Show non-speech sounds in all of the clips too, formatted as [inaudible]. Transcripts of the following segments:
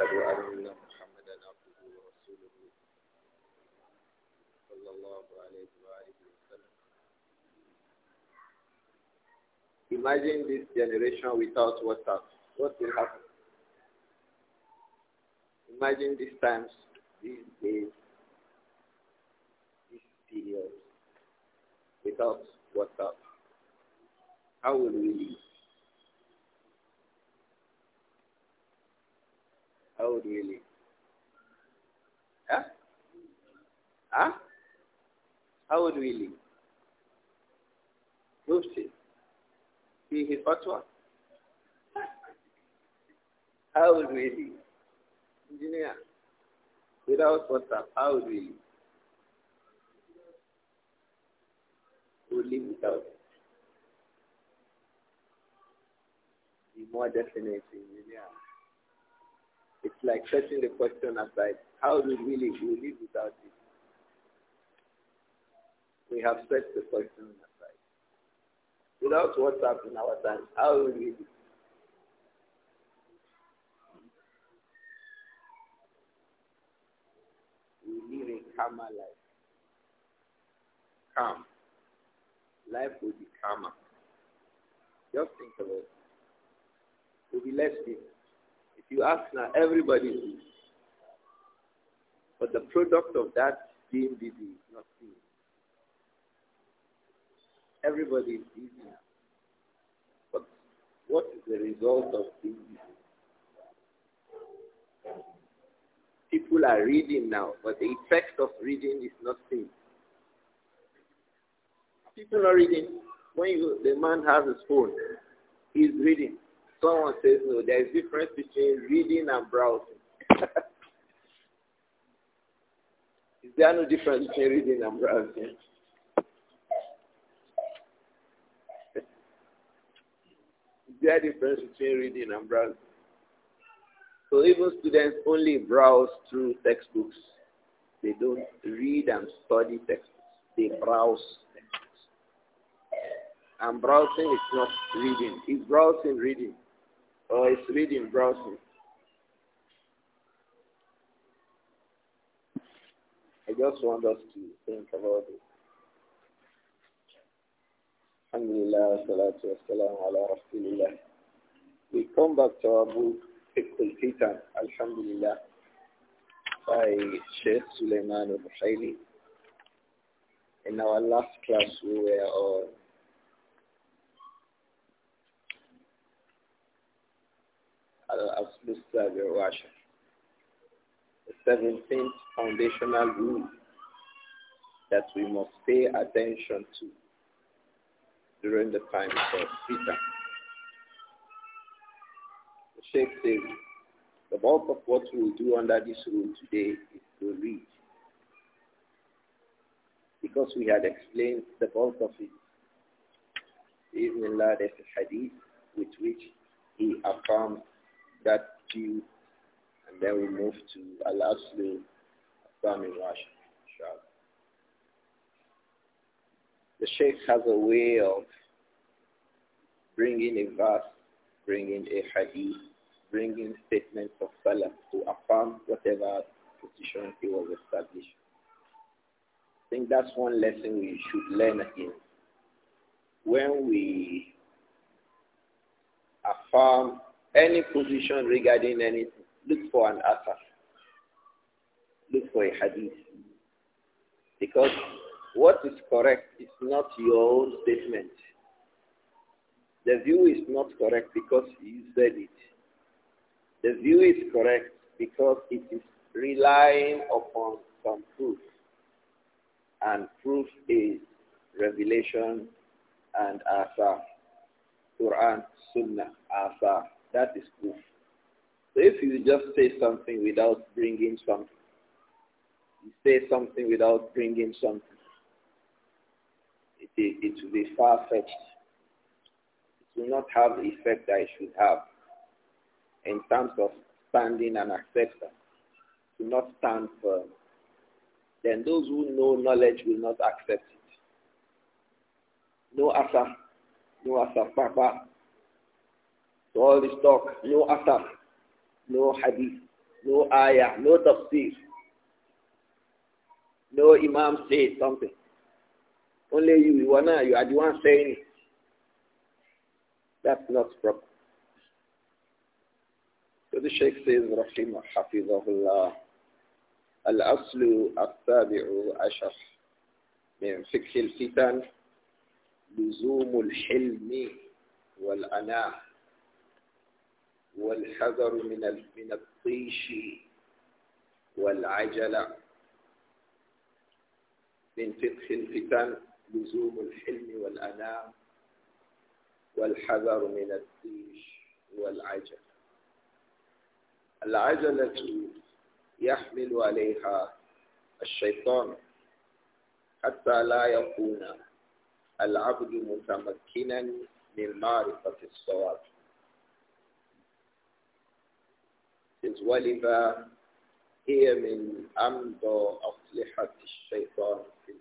أن محمدا عبده ورسوله صلى الله عليه وآله وسلم Imagine this generation without WhatsApp. What will happen? Imagine these times, these days, these periods without WhatsApp. How will we live? How would we live? Huh? Huh? How would we live? Mufti. See his fatwa. How would we live? Engineer. Without WhatsApp, how would we live? We live without more definite, like setting the question aside. How do we live? We live without it. We have set the question aside. Without WhatsApp in our time, how do we live? We live a calmer life. Calm. Life will be calmer. Just think about it. We'll be less busy you ask now, everybody But the product of that being busy is not seen. Everybody is busy. But what is the result of being busy? People are reading now, but the effect of reading is not seen. People are reading. When you, the man has his phone, he is reading. Someone says no. There is difference between reading and browsing. [laughs] is there no difference between reading and browsing? [laughs] is there a difference between reading and browsing? So even students only browse through textbooks. They don't read and study textbooks. They browse textbooks. And browsing is not reading. It's browsing reading? or is reading, browsing. I just want us to think about it. Alhamdulillah, salatu wassalamu ala rasulillah. We come back to our book, Fiqhul Fitan, Alhamdulillah, by Sheikh Suleiman al-Husayli. In our last class, we were on Al-Aslu The seventeenth foundational rule that we must pay attention to during the time of Peter. The Sheikh says, the bulk of what we will do under this rule today is to read. Because we had explained the bulk of it. Even Allah, hadith with which he affirmed that few, and then we move to last name, Sami Wash. The Sheikh has a way of bringing a verse, bringing a hadith, bringing statements of Salaf to affirm whatever position he was established. I think that's one lesson we should learn again. When we affirm any position regarding anything, look for an answer. Look for a hadith. Because what is correct is not your own statement. The view is not correct because you said it. The view is correct because it is relying upon some proof. And proof is revelation and asa, Quran, Sunnah, asa. That is cool. So if you just say something without bringing something, you say something without bringing something, it, it, it will be far-fetched. It will not have the effect that it should have in terms of standing and acceptance. It will not stand firm. Then those who know knowledge will not accept it. No asa, no asa papa, to all this talk, no asar, no hadith, no ayah, no tafsir. No imam say something. Only you, you are now, you are the one saying it. That's not proper. So the Sheikh says, Rahim Hafizahullah, Al-Aslu الأصل السابع عشر من فقه الفتن لزوم الحلم والأناه والحذر من من الطيش والعجلة من فقه الفتن لزوم الحلم والأنام والحذر من الطيش والعجلة العجلة يحمل عليها الشيطان حتى لا يكون العبد متمكنا من معرفة الصواب says, وَلِذَا هِيَ مِنْ أَمْضَ أَصْلِحَةِ الشَّيْطَانِ فِي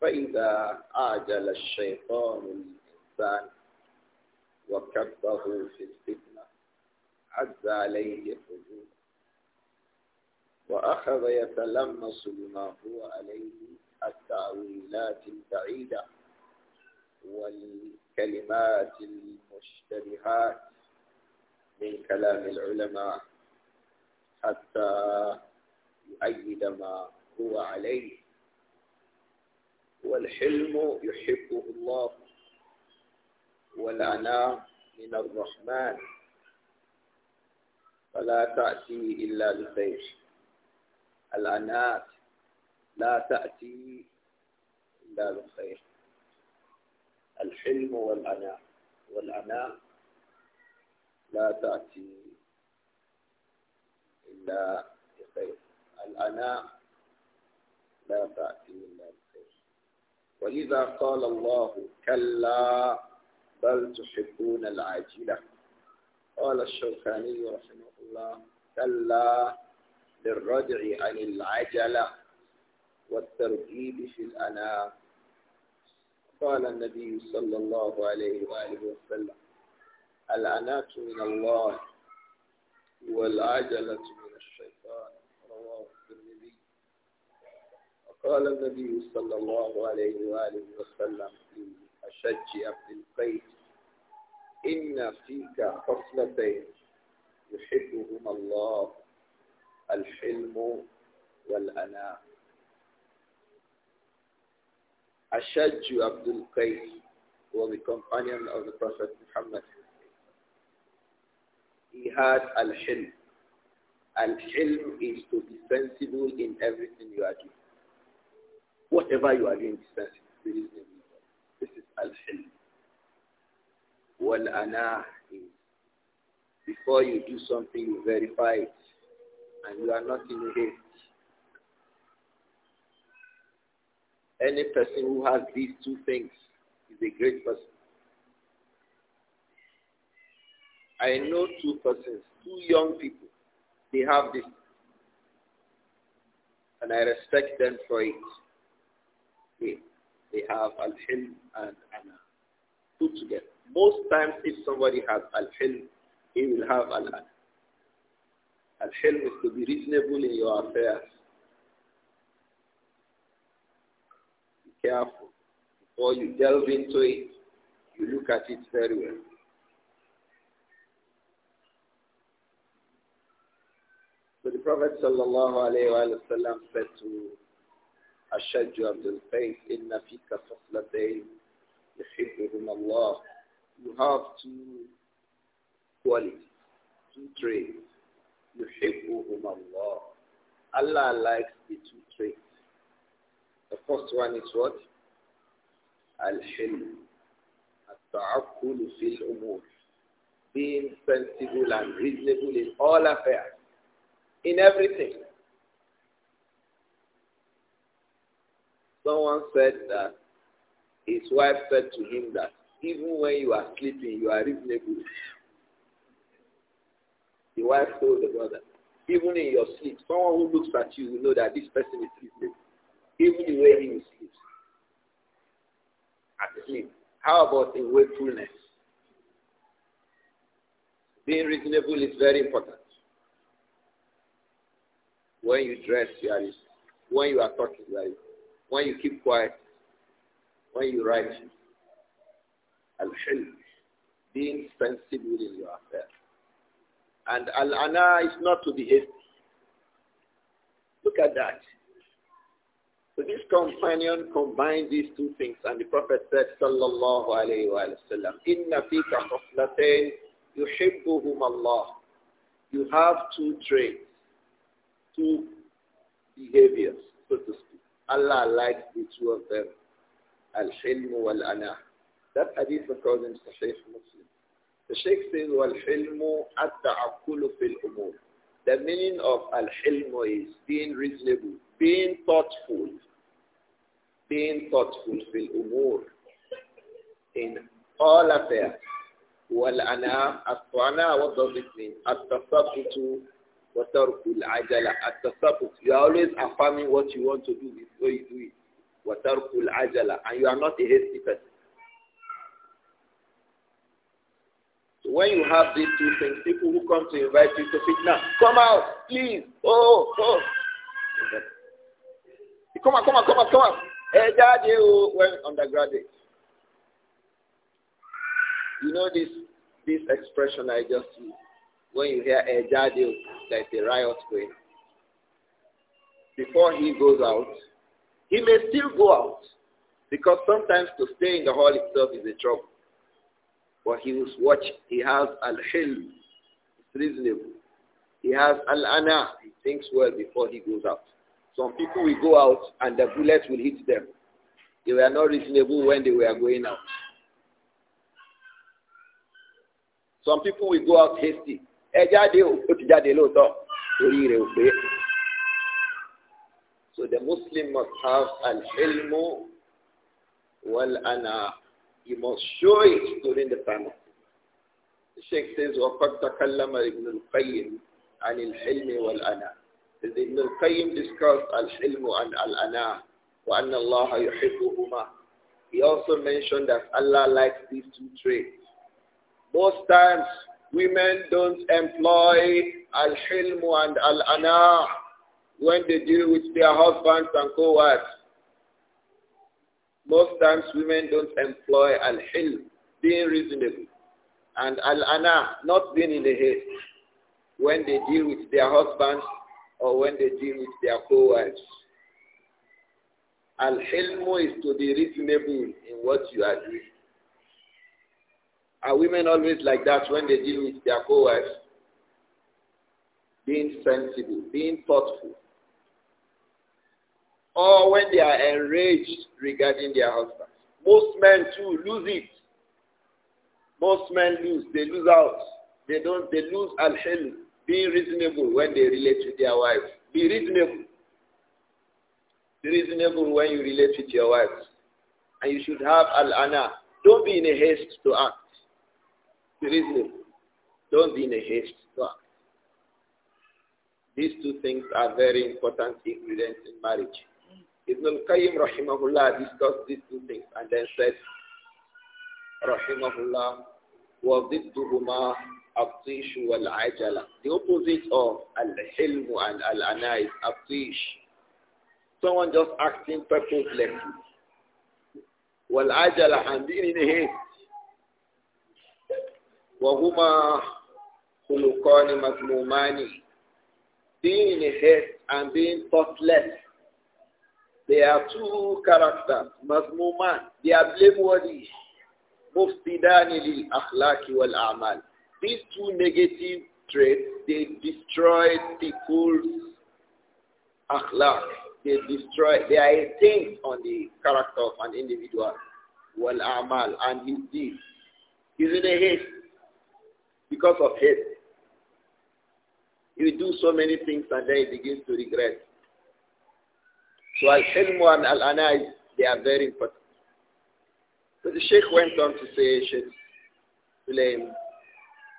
فَإِذَا أَعْجَلَ الشَّيْطَانُ الْإِنسَانِ وَكَبَّهُ فِي الْفِتْنَةِ عَزَّ عَلَيْهِ حُجُورًا وأخذ يتلمس بما هو عليه التعويلات البعيدة والكلمات المشتبهات من كلام العلماء حتى يؤيد ما هو عليه والحلم يحبه الله والعناء من الرحمن فلا تأتي إلا بخير العناء لا تأتي إلا بخير الحلم والعناء والعناء لا تأتي إلا بخير الأناء لا تأتي إلا بخير ولذا قال الله كلا بل تحبون العاجلة قال الشوكاني رحمه الله كلا للردع عن العجلة والترغيب في الأناء قال النبي صلى الله عليه وآله وسلم العنات من الله والعجلة من الشيطان رواه الترمذي وقال النبي صلى الله عليه وآله وسلم في أشج عبد القيس إن فيك خصلتين يحبهما الله الحلم والأناء أشج عبد القيس was the companion of the Prophet Muhammad he had al-hilm. Al-hilm is to be sensible in everything you are doing. Whatever you are doing, sensible. This is al-hilm. Wal-ana is before you do something, you verify it. And you are not in haste. Any person who has these two things is a great person. I know two persons, two young people. They have this. And I respect them for it. They, they have Al-Hilm and Ana put together. Most times if somebody has Al-Hilm, he will have Al-Ana. Al-Hilm is to be reasonable in your affairs. Be careful. Before you delve into it, you look at it very well. So the Prophet sallallahu alayhi wa sallam said to أشج عبد القيس إن فيك خصلتين يحبهما الله You have two qualities, two traits. يحبهما الله Allah likes the two traits. The first one is what? Al-hilm, الحلم التعقل في الأمور Being sensible and reasonable in all affairs in everything. Someone said that his wife said to him that even when you are sleeping, you are reasonable. The wife told the brother, even in your sleep, someone who looks at you will know that this person is reasonable. Even the way he sleeps. At sleep. How about in wakefulness? Being reasonable is very important. When you dress, you are it. When you are talking, you are it. When you keep quiet, when you write, Al-Hilm, being sensible in your affairs. And Al-Ana is not to be hasty. Look at that. So this companion combined these two things and the Prophet said, Sallallahu alayhi wa sallam, Inna fika khaslatain yuhibbuhum Allah. You have two traits two behaviors, so to speak. Allah likes the two of them, al-hilm wal-ana. That hadith occurs in Sahih Muslim. The Sheikh says, wal-hilm at-ta'akulu fil-umur. The meaning of al-hilm is being reasonable, being thoughtful, being thoughtful fil-umur in all affairs. Wal-ana, at-ta'ana, what does it mean? At-tasabutu Watarkul ajala at tasabut. You are always affirming what you want to do before you do it. Watarkul ajala. And you are not a hasty person. So when you have these two things, people who come to invite you to fitna, come out, please. Oh, oh. Come on, come on, come on, come on. Hey, daddy, when undergraduate. You know this this expression I just used. When you hear a Ejadil, like a riot going. Before he goes out, he may still go out because sometimes to stay in the hall itself is a trouble. But he will watch. He has al-hilm. It's reasonable. He has al-ana. He thinks well before he goes out. Some people will go out and the bullets will hit them. They were not reasonable when they were going out. Some people will go out hasty ẹ jáde o ó ti jáde lóòótọ́ torí rẹ̀ ò pé. So the Muslim must have an ilmu well, ana. He must show it during the time. The Sheikh says, وَقَدْ Al ابْنُ الْقَيِّمِ عَنِ الْحِلْمِ وَالْأَنَا ابن القيم discussed al-hilm and al-ana wa anna Allah yuhibbuhuma. He also mentioned that Allah likes these two traits. Most times Women don't employ al hilm and al-ana when they deal with their husbands and co-wives. Most times women don't employ al-hilm, being reasonable, and al-ana, not being in a haste, when they deal with their husbands or when they deal with their co-wives. al hilm is to be reasonable in what you are doing. Are women always like that when they deal with their co-wives? Being sensible, being thoughtful. Or when they are enraged regarding their husbands. Most men too lose it. Most men lose. They lose out. They don't. They lose al Be reasonable when they relate with their wives. Be reasonable. Be reasonable when you relate with your wives. And you should have al-ana. Don't be in a haste to act reason is, Don't be in a haste to act. These two things are very important ingredients in marriage. Ibn al-Qayyim rahimahullah discussed these two things and then said, rahimahullah, وَضِدُّهُمَا wal وَالْعَجَلَ The opposite of al-hilm and al-ana is abtish. Someone just acting purposelessly. Wal-ajala and being in a haste. وهما خلقان مذمومان being a head and being thoughtless they are two characters مذمومان they are blameworthy مفسدان للأخلاق والأعمال these two negative traits they destroy people's akhlaq they destroy they are a taint on the character of an individual wal amal and his deeds he's in a haste because of hate. You do so many things and then you begin to regret. So Al-Hilmu and Al-Ana, they are very important. So the Sheikh went on to say, Sheikh Sulaim,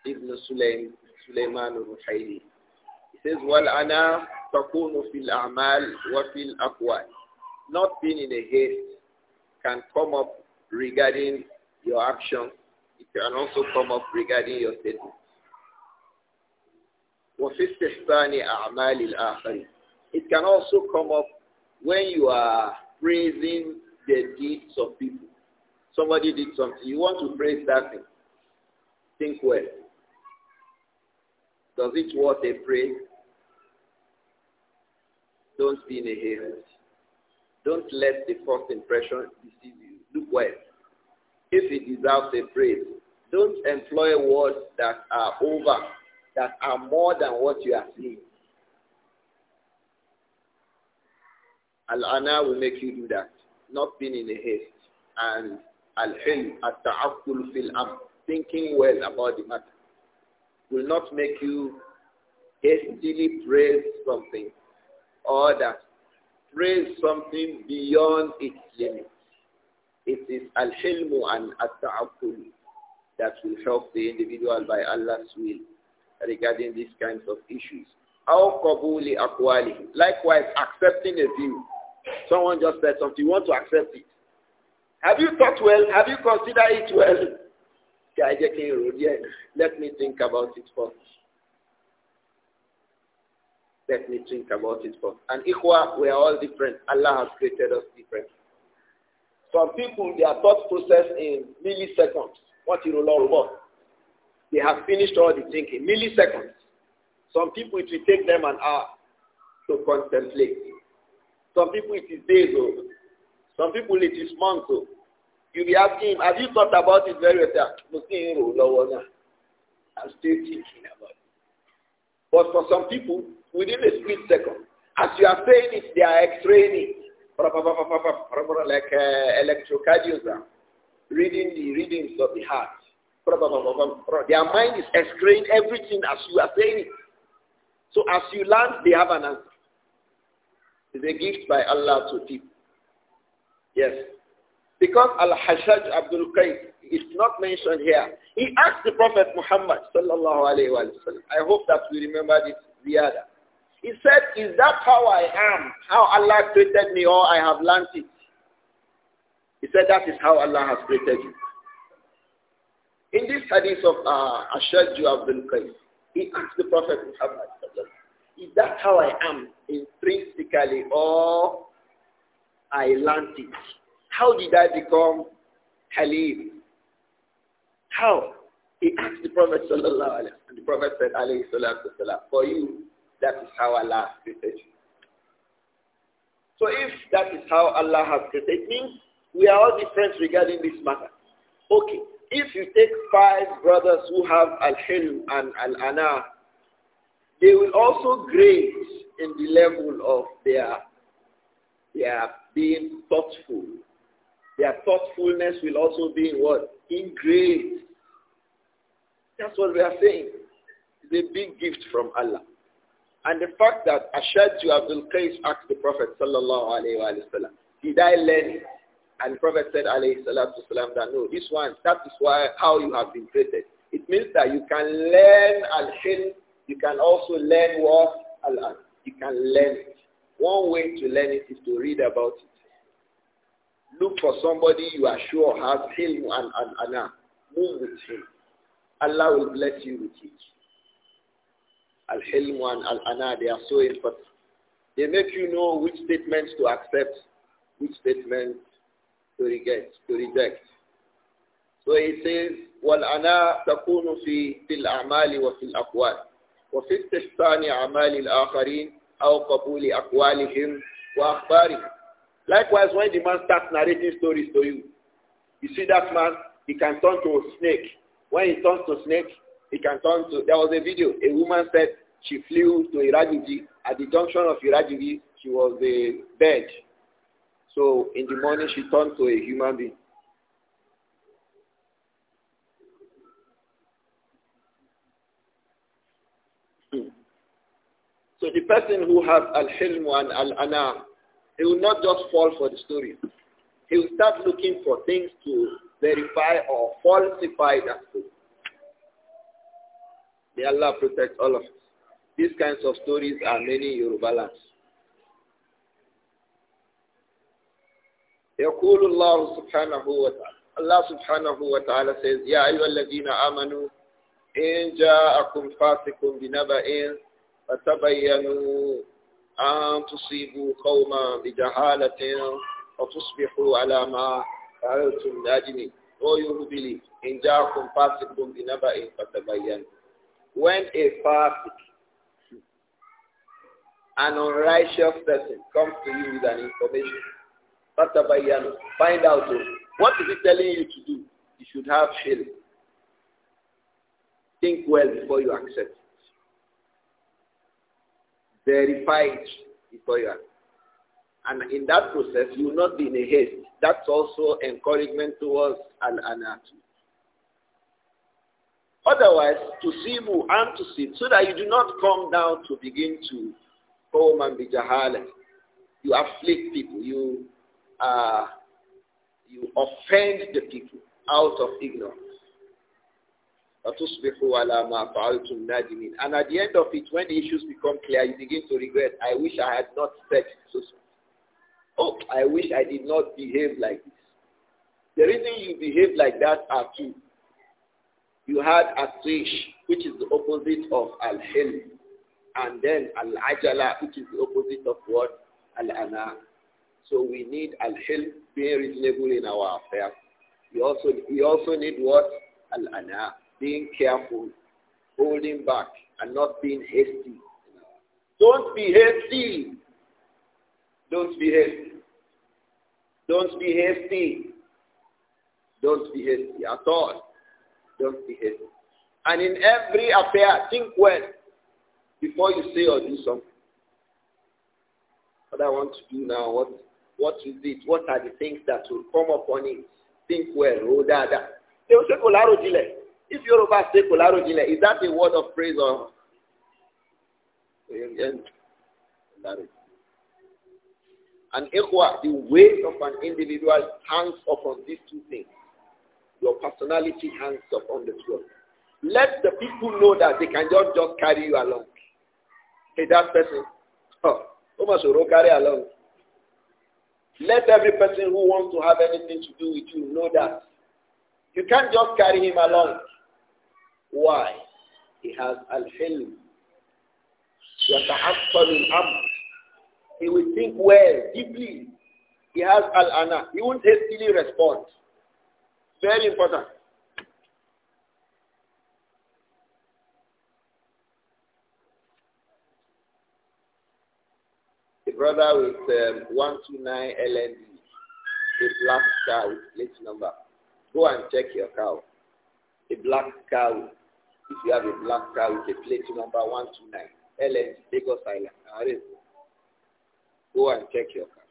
Ibn Sulaim, Sulaiman al-Ruhaili. He says, وَالْأَنَا تَكُونُ فِي wa fil الْأَقْوَالِ Not being in a haste can come up regarding your actions it can also come up regarding your statement. It can also come up when you are praising the deeds of people. Somebody did something. You want to praise that thing. Think well. Does it worth a praise? Don't be in a Don't let the first impression deceive you. Look well if it deserves a praise. Don't employ words that are over, that are more than what you are seeing. Al-ana will make you do that, not being in a haste. And al-hil, at Ta'akul fil am, thinking well about the matter, will not make you hastily praise something or that praise something beyond its limits. It is al-hilmu and al taakkul that will help the individual by Allah's will regarding these kinds of issues. al qabuli akwali. Likewise, accepting a view. Someone just said something, you want to accept it. Have you thought well? Have you considered it well? Yeah, let me think about it first. Let me think about it first. And ikhwa, we are all different. Allah has created us different. Some people, their thought process in milliseconds. What you know, about? They have finished all the thinking. Milliseconds. Some people, it will take them an hour to contemplate. Some people, it is days old. Oh. Some people, it is months old. Oh. You'll be asking, have you thought about it very well? I'm still thinking about it. But for some people, within a split second, as you are saying it, they are explaining like uh, electrocardiogram, reading the readings of the heart. Their mind is explaining everything as you are saying it. So as you learn, they have an answer. It's a gift by Allah to people. Yes. Because Al-Hashaj Abdul Qais is not mentioned here. He asked the Prophet Muhammad sallallahu alayhi wa sallam. I hope that we remember this ziyada. He said, is that how I am? How Allah created me or I have learned it? He said, that is how Allah has created you. In this hadith of uh, have Abdul Qais, he asked the Prophet Muhammad, is that how I am intrinsically or I learned it? How did I become Khalid? How? He asked the Prophet Sallallahu Alaihi Wasallam, and the Prophet said, Alayhi Salatu Wasallam, for you, that is how Allah created you. So if that is how Allah has created, me, we are all different regarding this matter. Okay, if you take five brothers who have Al-Hilm and Al-Ana, they will also grade in the level of their, their being thoughtful. Their thoughtfulness will also be in what? In That's what we are saying. It's a big gift from Allah. And the fact that Ashadju Abdul Qais asked the Prophet sallallahu alayhi wa sallam, did I learn it? And the Prophet said alayhi salatu salam that no, this one, that is why, how you have been treated. It means that you can learn al-hilm, you can also learn what? al You can learn it. One way to learn it is to read about it. Look for somebody you are sure has hilm and, and ana. Move with him. Allah will bless you with it. Al-Hilm and Al-Ana, they are so important. They make you know which statements to accept, which statements to reject. To reject. So he says, وَالْأَنَا تَكُونُ فِي فِي الْأَعْمَالِ وَفِي الْأَقْوَالِ وَفِي اسْتِحْسَانِ أَعْمَالِ الْآخَرِينَ أَوْ قَبُولِ أَقْوَالِهِمْ وَأَخْبَارِهِمْ Likewise, when the man starts narrating stories to you, you see that man, he can turn to a snake. When he turns to snake, he can turn to, there was a video, a woman said she flew to Irajiji. At the junction of Irajiji, she was a bird. So in the morning, she turned to a human being. Hmm. So the person who has al-hilm and al-ana, he will not just fall for the story. He will start looking for things to verify or falsify that story. May Allah protect all of us. These kinds of stories are many Yoruba lands. يقول الله سبحانه وتعالى الله سبحانه وتعالى says يا أيها الذين آمنوا إن جاءكم فاسق بنبأ فتبينوا أن تصيبوا قوما بجهالة فتصبحوا على ما فعلتم نادمين. Oh you إن جاءكم فاسق بنبأ فتبينوا when a fasik, an unrighteous person comes to you with an information, Fatabayanu, find out oh, what is he telling you to do. You should have shilling. Think well before you accept it. Verify it before you accept and in that process, you will not be in a haste. That's also encouragement towards an anatu. Otherwise, to see and to see, so that you do not come down to begin to home oh, and be jahala. You afflict people. You uh, you offend the people out of ignorance. And at the end of it, when the issues become clear, you begin to regret, I wish I had not said so. Oh, I wish I did not behave like this. The reason you behave like that are two. You had Atish, which is the opposite of Al-Hilm. And then Al-Ajala, which is the opposite of what? Al-Ana. So we need Al-Hilm, being reasonable in our affairs. We also, we also need what? Al-Ana, being careful, holding back, and not being hasty. Don't be hasty. Don't be hasty. Don't be hasty. Don't be hasty at all. Don't be hasty. And in every affair, think well before you say or do something. What I want to do now, what, what is it? What are the things that will come upon it? Think well, oh dada. They will say kolaro jile. If Yoruba say kolaro jile, is that a word of praise or? And ikhwa, the weight of an individual hangs upon these two things. Your personality hangs upon the throne. Let the people know that they can just, just carry you along. Hey, that person, oh, Omashoro, carry along. Let every person who wants to have anything to do with you know that. You can't just carry him along. Why? He has al-hilm. يتحصل الأمر. He will think well, deeply. He has al-ana. He won't hastily respond. Very important. The brother with um, 129 LND, a black car with plate number. Go and check your car. A black cow. If you have a black car with a plate number 129, LND, Lagos Island. Go and check your car.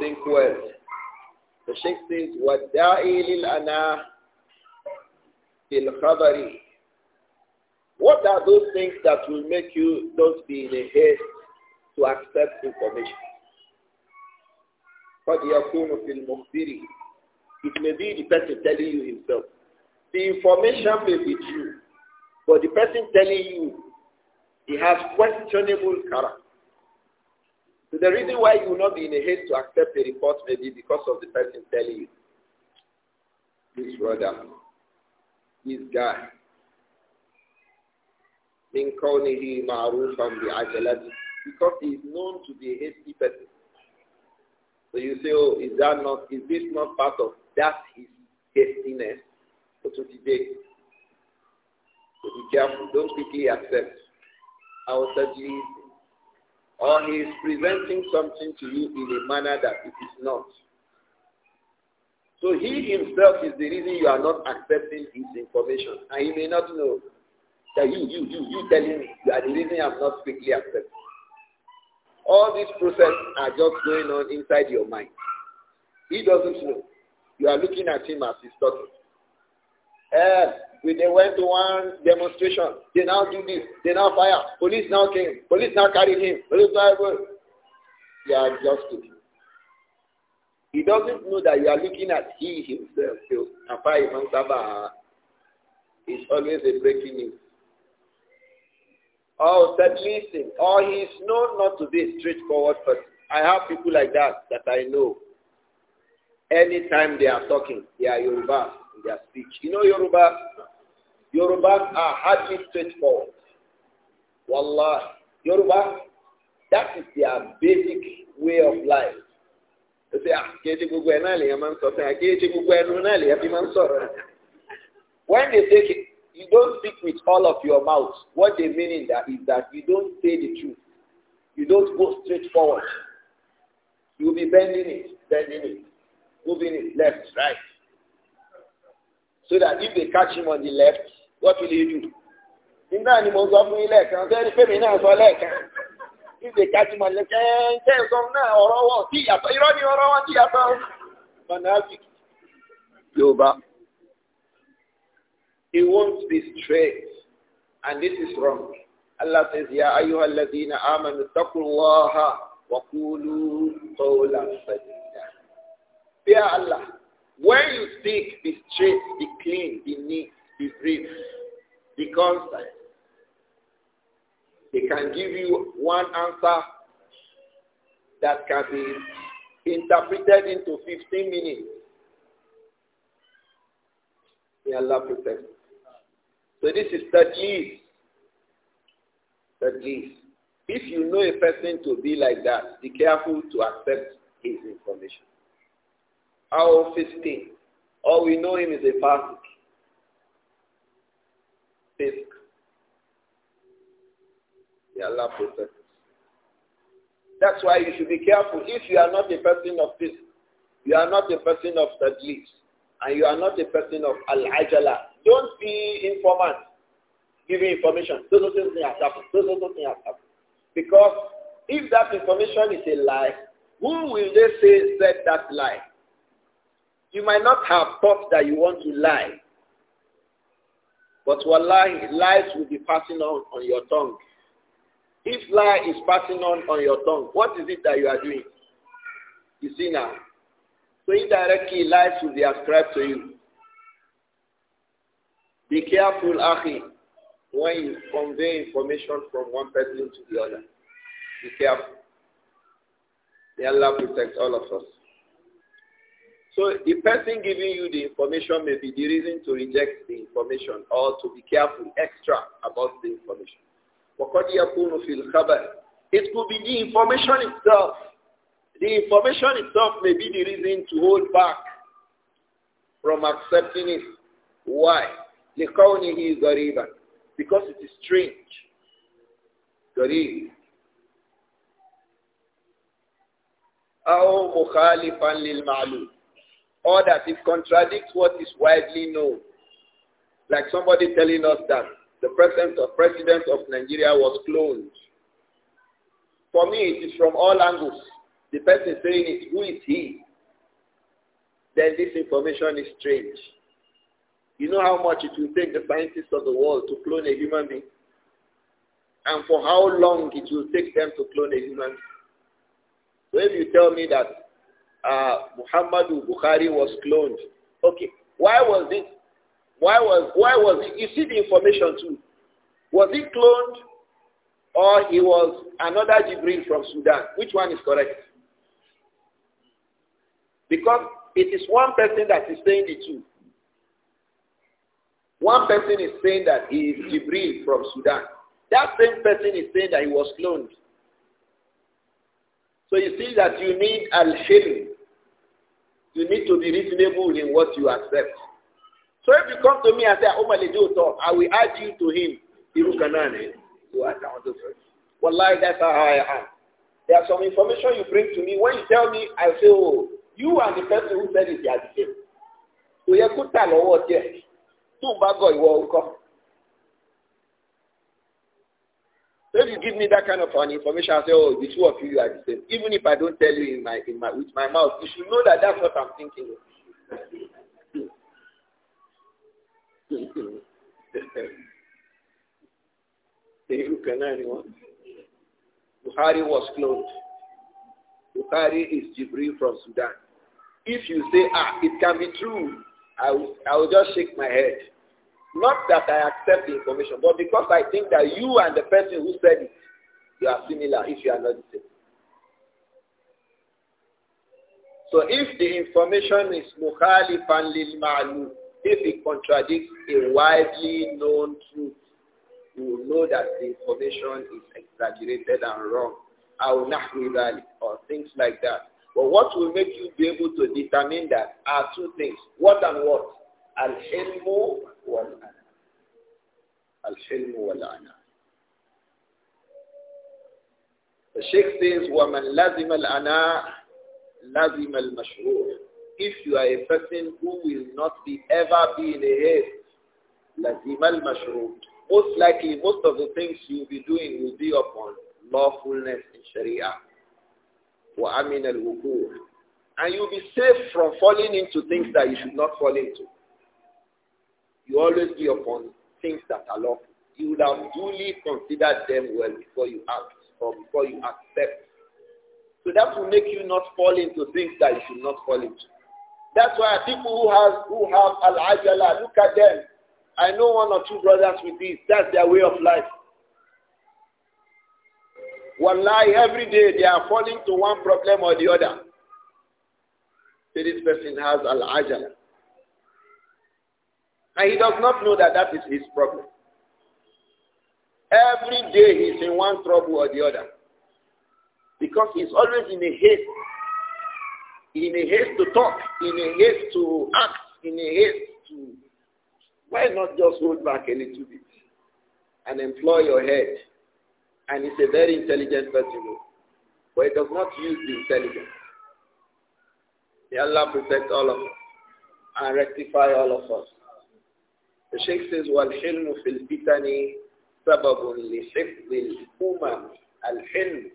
think well. The Sheikh says, وَالدَّاعِي لِلْأَنَاهِ What are those things that will make you not be in a haste to accept information? قد يكون في المخبر It may be the person telling you himself. The information may be true, but the person telling you, he has questionable character. So the reason why you will not be in a haste to accept a report may be because of the person telling you. This brother, this guy, من كونه معروفا بعجلته because he is known to be a hasty person. So you say, oh, is that not, is this not part of that his hastiness? So to be So be careful. Don't quickly accept. I will surgeries or he is presenting something to you in a manner that it is not. So he himself is the reason you are not accepting his information. And he may not know that you, you, you, you telling me you are the reason I'm not quickly accepting. All these processes are just going on inside your mind. He doesn't know. You are looking at him as he's talking. Uh, they went to one demonstration. They now do this. They now fire. Police now came. Police now carried him. Police now you are kidding? He doesn't know that you are looking at he himself. It's always a breaking news. Oh, that listen. Oh, he is known not to be a straightforward person. I have people like that that I know. Anytime they are talking, they are Yoruba in their speech. You know Yoruba? Yoruba are hardly straightforward. Wallah. Yoruba, that is their basic way of life. They say, ah, kéèjì gbogbo ẹ̀ náà lèèyàn máa ń sọ fún ẹ̀, kéèjì gbogbo ẹnu náà lèèyàn fi máa ń When they say, you don't speak with all of your mouth, what they mean in that is that you don't say the truth. You don't go straight forward. You'll be bending it, bending it, moving it left, right. so that if they catch him on the left what will he do nígbà ni mo sọ fún yín lẹ́ẹ̀kan sẹ́ni fèmí náà sọ lẹ́ẹ̀kan if they catch him on the left ẹ̀ẹ́n tẹ́ ẹ̀ náà ọ̀rọ̀ wọn tí ìyàtọ̀ irọ́ ni ọ̀rọ̀ wọn tí ìyàtọ̀ fanatic yorùbá he won't be straight and this is wrong Allah says ya ayyuhal ladhina amanu taqullaha wa qulu qawlan sadida fear Allah When you speak, be straight, be clean, be neat, be brief, be concise. They can give you one answer that can be interpreted into 15 minutes. May Allah protect. So this is tadlis. least. If you know a person to be like that, be careful to accept his information. أو 15. All we know him is a Fasik. Fisk. Allah protect That's why you should be careful. If you are not a person of fisk, you are not a person of tadlis, and you are not a person of al-ajala, don't be informant giving information. Those are so, thing happened. So, so, so, thing happened. Because if that information is a lie, who will they say said that lie? You might not have thought that you want to lie. But wallahi, lies will be passing on on your tongue. If lie is passing on on your tongue, what is it that you are doing? You see now. So indirectly, lies will be ascribed to you. Be careful, Akhi, when you convey information from one person to the other. Be careful. May Allah protect all of us. So the person giving you the information may be the reason to reject the information or to be careful extra about the information. It could be the information itself. The information itself may be the reason to hold back from accepting it. Why? Because it is strange. غريب أو مخالفا للمعلوم or that it contradicts what is widely known. Like somebody telling us that the president of, president of Nigeria was cloned. For me, it is from all angles. The person saying it, who is he? Then this information is strange. You know how much it will take the scientists of the world to clone a human being? And for how long it will take them to clone a human being? So if you tell me that uh, Muhammad Bukhari was cloned. Okay, why was it? Why was why was it? You see the information too. Was he cloned, or he was another Jibril from Sudan? Which one is correct? Because it is one person that is saying the two. One person is saying that he is Jibril from Sudan. That same person is saying that he was cloned. So you see that you need al-hilm you need to be reasonable in what you accept. So if you come to me and say, Oh my lady, oh, I will add you to him. You cannot do it. Wallahi, that's how I am. There are some information you bring to me. When you tell me, I say, Oh, you and the person who said it, you are the same. So you could tell what yes. Tó bad, bá will come. So if you give me that kind of an information, I say, oh, the two of you are the same. Even if I don't tell you in my, in my, with my mouth, you should know that that's what I'm thinking. [laughs] can anyone. Buhari was cloned. Buhari is Jibril from Sudan. If you say, ah, it can be true, I will, I will just shake my head. Not that I accept the information, but because I think that you and the person who said it, you are similar if you are not the same. So if the information is mukhalifan lil ma'lum, if it contradicts a widely known truth, you will know that the information is exaggerated and wrong. Or or things like that. But what will make you be able to determine that are two things. What and what? Al-ilmu والأنا الحلم والأنا The Sheikh says, وَمَنْ لَزِمَ الْأَنَا لَزِمَ الْمَشْرُوعِ If you are a person who will not be ever be in a haste, لَزِمَ الْمَشْرُوعِ Most likely, most of the things you will be doing will be upon lawfulness in Sharia. وَأَمِنَ الْوُقُوعِ And you'll be safe from falling into things that you should not fall into. You always be upon things that are lawful. You would have duly considered them well before you act or before you accept. So that will make you not fall into things that you should not fall into. That's why people who have who have al ajala look at them. I know one or two brothers with this. That's their way of life. One lie every day they are falling to one problem or the other. So this person has al ajala and he does not know that that is his problem. Every day he's in one trouble or the other. Because he's always in a haste. In a haste to talk, in a haste to act, in a haste to... Why not just hold back a little bit and employ your head? And he's a very intelligent person, but he does not use the intelligence. May Allah protect all of us and rectify all of us. The Sheikh says, وَالْحِلْمُ فِي الْفِتَنِ سَبَبٌ لِحِفْظِ الْأُمَمِ الْحِلْمُ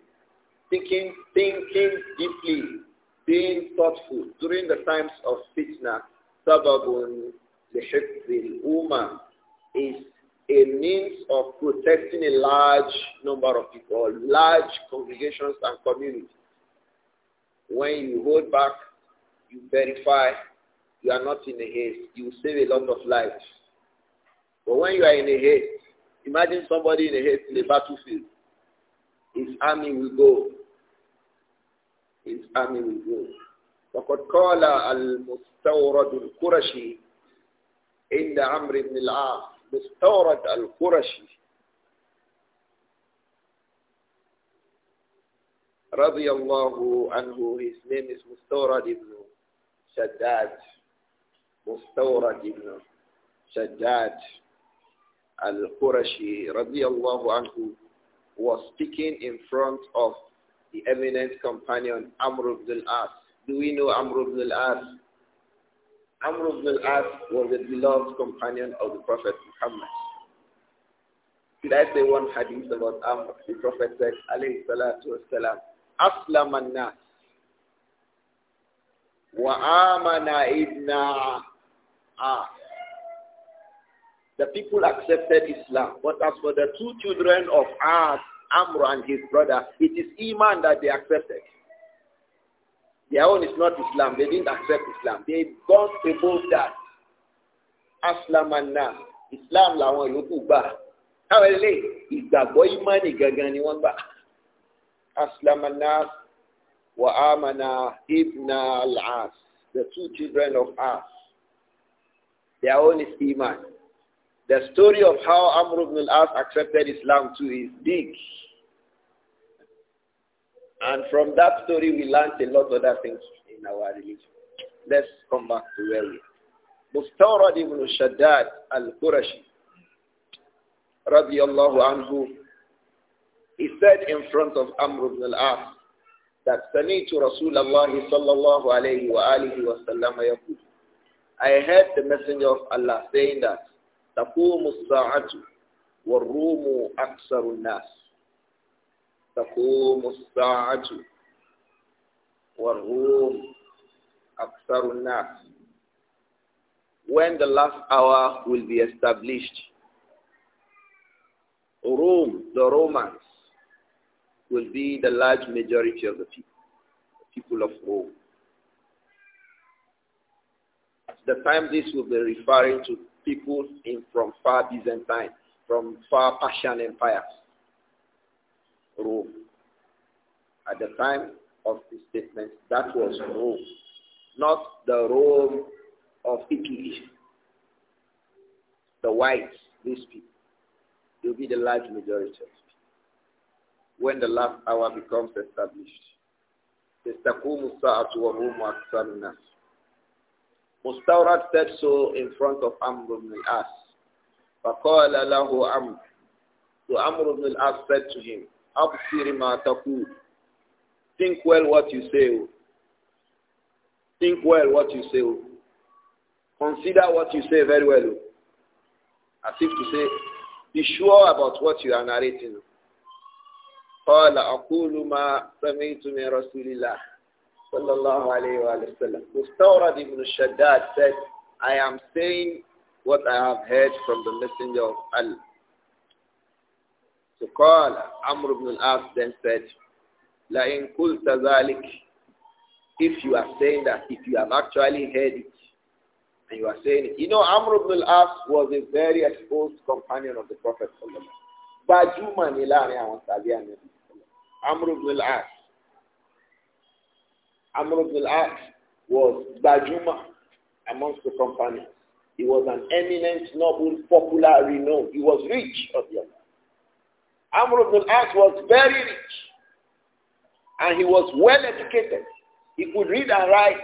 Thinking, thinking deeply, being thoughtful during the times of fitna, سَبَبٌ لِحِفْظِ الْأُمَمِ is a means of protecting a large number of people, large congregations and communities. When you hold back, you verify, you are not in a haste, you save a lot of lives. But when you are in a haste, imagine somebody in a haste in a battlefield. His army will go. His army will go. وقد قال المستورد القرشي عند عمرو بن العاص مستورد القرشي رضي الله عنه his name is مستورد بن شداد مستورد بن شداد al-Qurashi radiallahu anhu was speaking in front of the eminent companion Amr ibn al-As. Do we know Amr ibn al-As? Amr ibn al-As was the beloved companion of the Prophet Muhammad. Did I say one hadith about Amr? The Prophet said, alayhi salatu wasalam, Aslam an-Nas wa amana idna as. The people accepted Islam. But as for the two children of Ad, Amr and his brother, it is Iman that they accepted. Their own is not Islam. They didn't accept Islam. They got above that. Aslam and Nam. Islam làwọn yòókù How Táwọn eléyìí ìgbàgbọ́ Imani gangan ni wọ́n ba? Aslam and Nam wa Amana ibn al-As. The two children of As. Their own is Iman. The story of how Amr ibn al-As accepted Islam too is big. And from that story, we learned a lot of other things in our religion. Let's come back to where we are. Mustawrad ibn Shaddad al-Qurashi, radiyallahu anhu, he said in front of Amr ibn al-As that سَمِيتُ رَسُولَ اللَّهِ صَلَّى اللَّهُ عَلَيْهِ وَآلِهِ وَسَلَّمَ I heard the messenger of Allah saying that تقوم الساعة والروم أكثر الناس تقوم الساعة والروم أكثر الناس When the last hour will be established, Rome, the Romans, will be the large majority of the people, the people of Rome. the time this will be referring to people in, from far Byzantine, from far Persian empires, Rome. At the time of the statement, that was Rome, not the Rome of Italy. The whites, these people, will be the large majority when the last hour becomes established. تستقوم الساعة وهم أكثر الناس Mustawrad said so in front of Amr ibn al-As. فَقَالَ لَهُ Amr. So Amr ibn al-As said to him, أَبْصِرِ مَا تَقُولُ Think well what you say. Oh. Think well what you say. Oh. Consider what you say very well. Oh. As if to say, be sure about what you are narrating. قَالَ أَقُولُ مَا سَمِعْتُ مِنْ رَسُولِ اللَّهِ sallallahu alayhi wa sallam. Mustawrad ibn Shaddad said, I am saying what I have heard from the messenger of Allah. So قال Amr ibn al-As then said, لَإِن قُلْتَ ذَلِكَ If you are saying that, if you have actually heard it, and you are saying it. You know, Amr ibn al-As was a very exposed companion of the Prophet Amr ibn al-As Amr ibn al-As was Bajuma amongst the companions. He was an eminent, noble, popular, renowned. He was rich of the other. Amr ibn al-As was very rich. And he was well educated. He could read and write.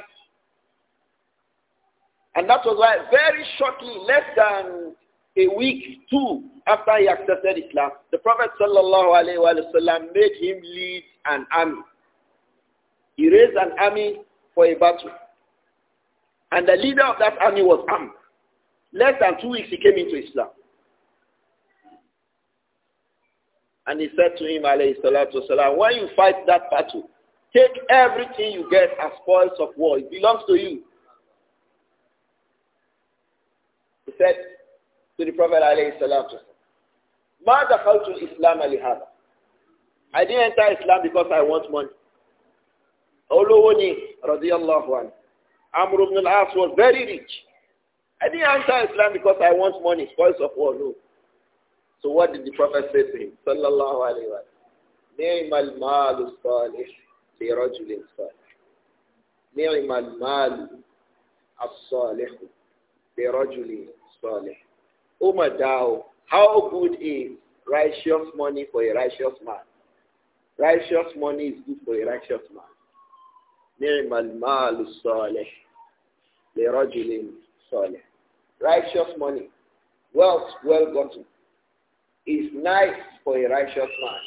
And that was why very shortly, less than a week, two, after he accepted Islam, the Prophet ﷺ made him lead an army. He raised an army for a battle. And the leader of that army was armed. Less than two weeks he came into Islam. And he said to him, alayhi salatu wasalam, when you fight that battle, take everything you get as spoils of war. It belongs to you. He said to the Prophet, alayhi salatu wasalam, I didn't enter Islam because I want money olówó ni radiyallahu anhu amr bin al-as was very rich i didn't enter islam because i want money spoils of war no so what did the prophet say to him sallallahu alayhi wa sallam. نعم المال الصالح لرجل صالح نعم المال الصالح لرجل صالح Umadao, how good is righteous money for a righteous man? Righteous money is good for a righteous man. نعم المال الصالح لرجل صالح righteous money wealth well gotten is nice for a righteous man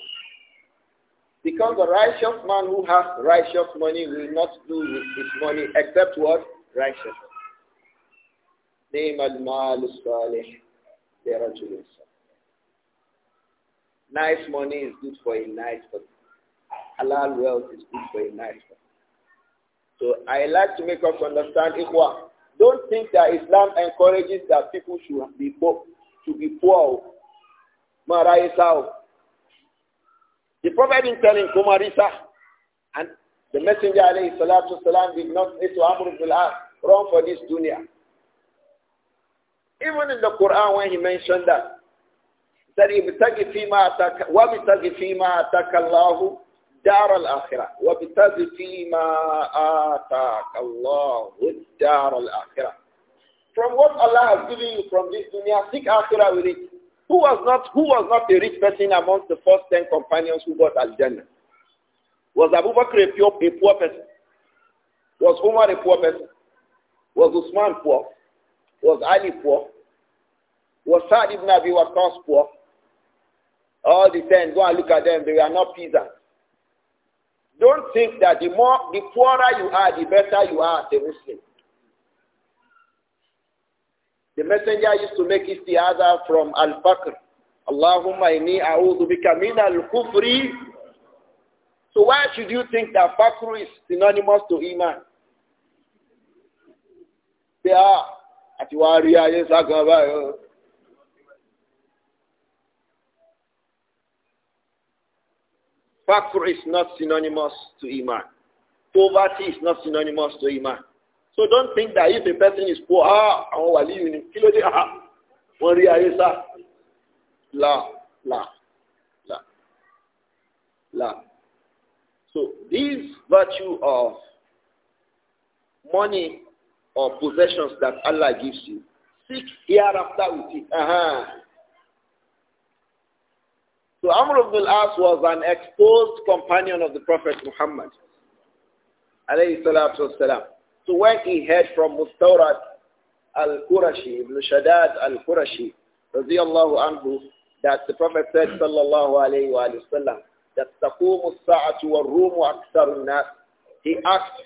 because a righteous man who has righteous money will not do with his money except what righteous نعم المال الصالح لرجل صالح Nice money is good for a nice person. Halal wealth is good for a nice person. So I like to make us understand Ikhwa. Don't think that Islam encourages that people should be poor. To be poor. Oh. Maraisa. Oh. The Prophet didn't tell him, Kumarisa. And the Messenger alayhi salatu salam did not say to Amr ibn al run for this dunya. Even in the Quran when he mentioned that, that ibtagi fima ataka, wa bitagi fima ataka Allahu الدار الآخرة وابتغ فيما آتاك الله الدار الآخرة From what Allah has given you from this dunya, seek akhirah with it. Who was not who was not a rich person amongst the first ten companions who got Al Jannah? Was Abu Bakr a poor, a poor person? Was Umar a poor person? Was Usman poor? Was Ali poor? Was Sa'd ibn Abi Waqqas poor? All the ten, go and look at them, they were not peasants. Don't think that the more, the poorer you are, the better you are as a Muslim. The messenger used to make other from al-fakr. Allahumma inni a'udhu bika min al-kufri. So why should you think that fakr is synonymous to iman? They are. at wá Fakr is not synonymous to Iman. Poverty is not synonymous to Iman. So don't think that if a person is poor, ah, I wà líyìn ní kí ló ah, Maria Isa, La, la, la, la. So this virtue of money or possessions that Allah gives you, seek hereafter with it. Uh -huh. So Amr ibn al-As was an exposed companion of the Prophet Muhammad. So when he heard from Mustawrat al-Qurashi, Ibn Shaddad al-Qurashi, radiallahu anhu, that the Prophet said, sallallahu alayhi wa sallam, that تقوم الساعة والروم أكثر الناس. He asked,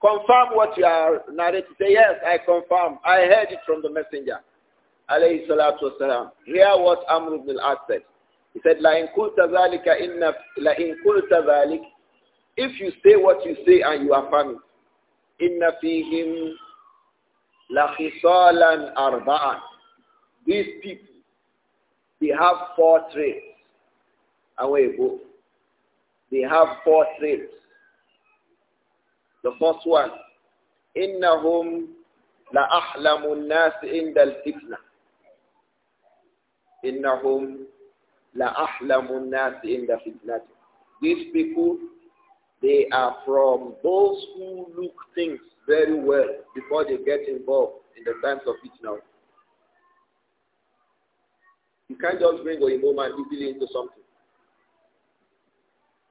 confirm what you are narrating. Say, yes, I confirm. I heard it from the messenger, alayhi salatu Hear what Amr ibn al-As said. He said, "La قُلْتَ ذَلِكَ ذَلِكَ If you say what you say and you affirm it, إِنَّ فِيهِمْ لَخِصَالًا أَرْبَعًا These people, they have four traits. Away go. They have four traits. The first one, إِنَّهُمْ لَأَحْلَمُ النَّاسِ عِنْدَ الْفِتْنَةِ إِنَّهُمْ these people, they are from those who look things very well before they get involved in the times of fitnah. You can't just bring a woman easily into something.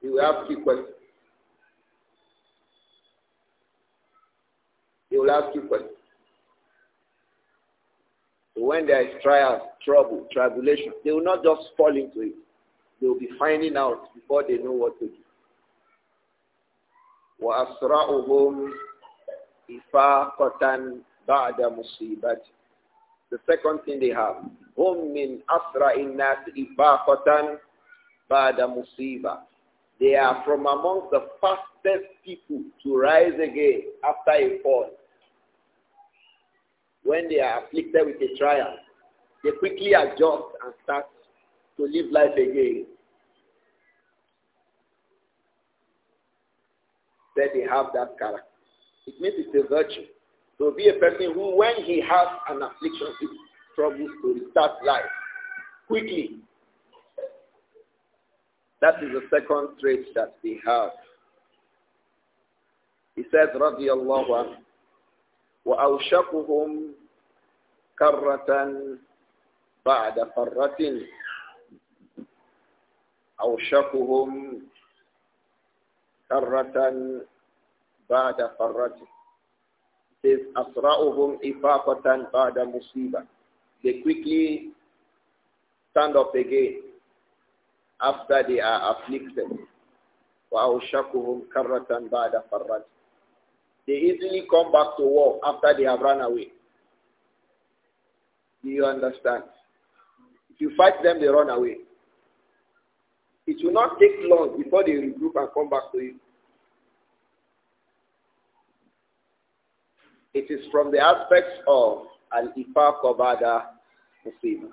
You will have you questions. You will have you questions. So when there is trials, trouble, tribulation, they will not just fall into it. They will be finding out before they know what to do. وَأَسْرَعُهُمْ إِفَاقَةً بَعْدَ مُصِيبَةٍ The second thing they have, هُمْ مِنْ أَسْرَعِ النَّاسِ إِفَاقَةً بَعْدَ مُصِيبَةٍ They are from among the fastest people to rise again after a fall when they are afflicted with a trial, they quickly adjust and start to live life again. That they have that character. It means it's a virtue. To so be a person who, when he has an affliction, he struggles to restart life quickly. That is the second trait that they have. He says, رضي الله وأوشكهم كرة بعد فرّة، أوشكهم كرة بعد فرّة، إذ أسرعهم إفاقة بعد مصيبة they quickly stand up again after they are afflicted وأوشكهم كرة بعد فرّة. They easily come back to war after they have run away. Do you understand? If you fight them, they run away. It will not take long before they regroup and come back to you. It is from the aspects of al-ifa qabada musima.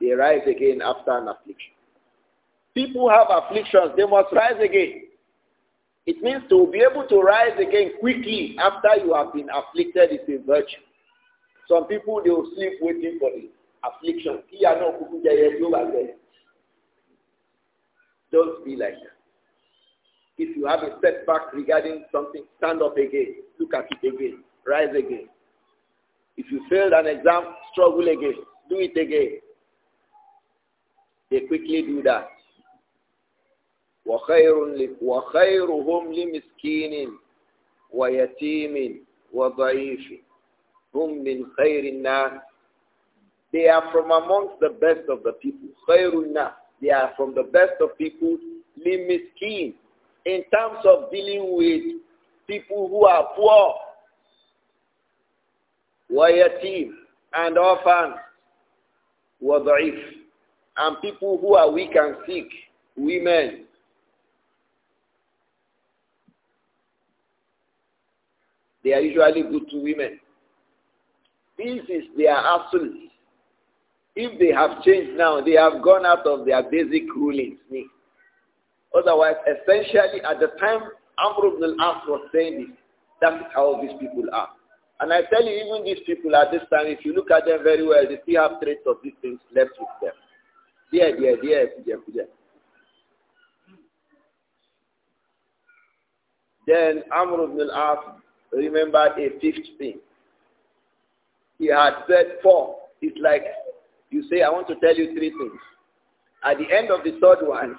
They rise again after an affliction. People have afflictions. They must rise again. It means to be able to rise again quickly after you have been afflicted is a virtue. Some people, they will sleep waiting for the affliction. Don't be like that. If you have a setback regarding something, stand up again. Look at it again. Rise again. If you failed an exam, struggle again. Do it again. They quickly do that. وخير وخيرهم لمسكين ويتيم وضعيف هم من خير الناس They are from amongst the best of the people. خير الناس They are from the best of people. لمسكين In terms of dealing with people who are poor. ويتيم And orphans. وضعيف And people who are weak and sick. Women. They are usually good to women. This is their absolute. If they have changed now, they have gone out of their basic rulings. Otherwise, essentially at the time Amr ibn al-As was saying this, that's how these people are. And I tell you, even these people at this time, if you look at them very well, they still have traits of these things left with them. Yeah, yeah, yeah, yeah, yeah. Then Amr ibn al-As remembered a fifth thing. He had said four. It's like you say, I want to tell you three things. At the end of the third one,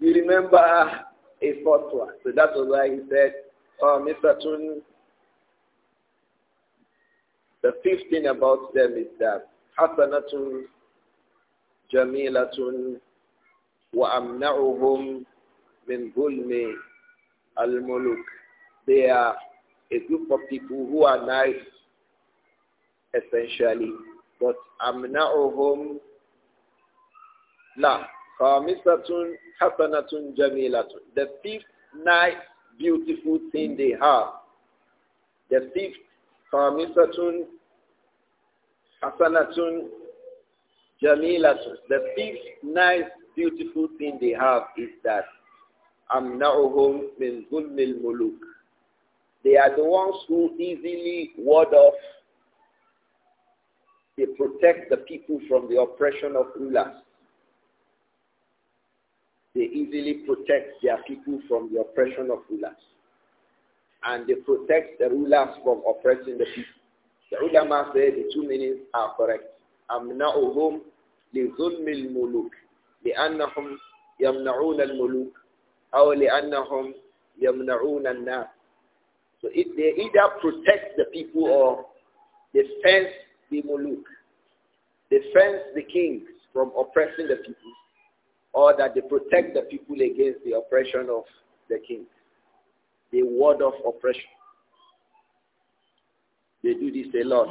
you remember a fourth one. So that was why he said, oh, Mr. Tun, the fifth thing about them is that حسنة Jamilatun وأمنعهم من al الملوك. They are a group of people who are nice essentially, but amna'uhum la khamisatun hasanatun jamilatun. The fifth nice beautiful thing they have. The fifth khamisatun hasanatun jamilatun. The fifth nice beautiful thing they have is that home min zulmil muluk. They are the ones who easily ward off. They protect the people from the oppression of rulers. They easily protect their people from the oppression of rulers. And they protect the rulers from oppressing the people. The ulama said the two meanings are correct. أمنعهم لظلم الملوك لأنهم يمنعون الملوك أو لأنهم يمنعون الناس so they either protect the people or they the muluk. defend the kings from oppressing the people or that they protect the people against the oppression of the king. The word of oppression. They do this a lot.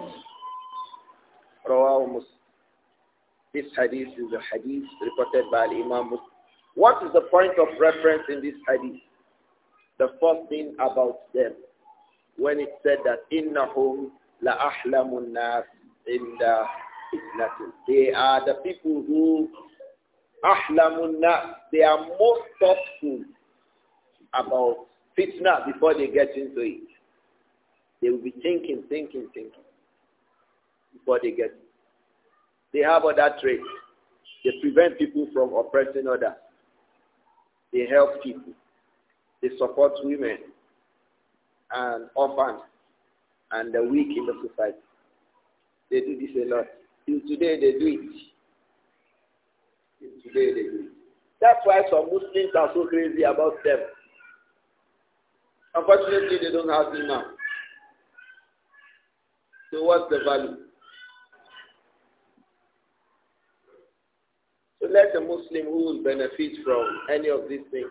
This hadith is a hadith reported by Imam Muslim. What is the point of reference in this hadith? The first thing about them when it said that innahum la ahlamun nas inda fitnatin. They are the people who ahlamun nas. They are most thoughtful about fitna before they get into it. They will be thinking, thinking, thinking before they get. They have other traits. They prevent people from oppressing others. They help people. They support women and orphans and the weak in the society. They do this a lot. Till today they do it. Till today they do it. That's why some Muslims are so crazy about them. Unfortunately, they don't have imam. So what's the value? So let a Muslim who will benefit from any of these things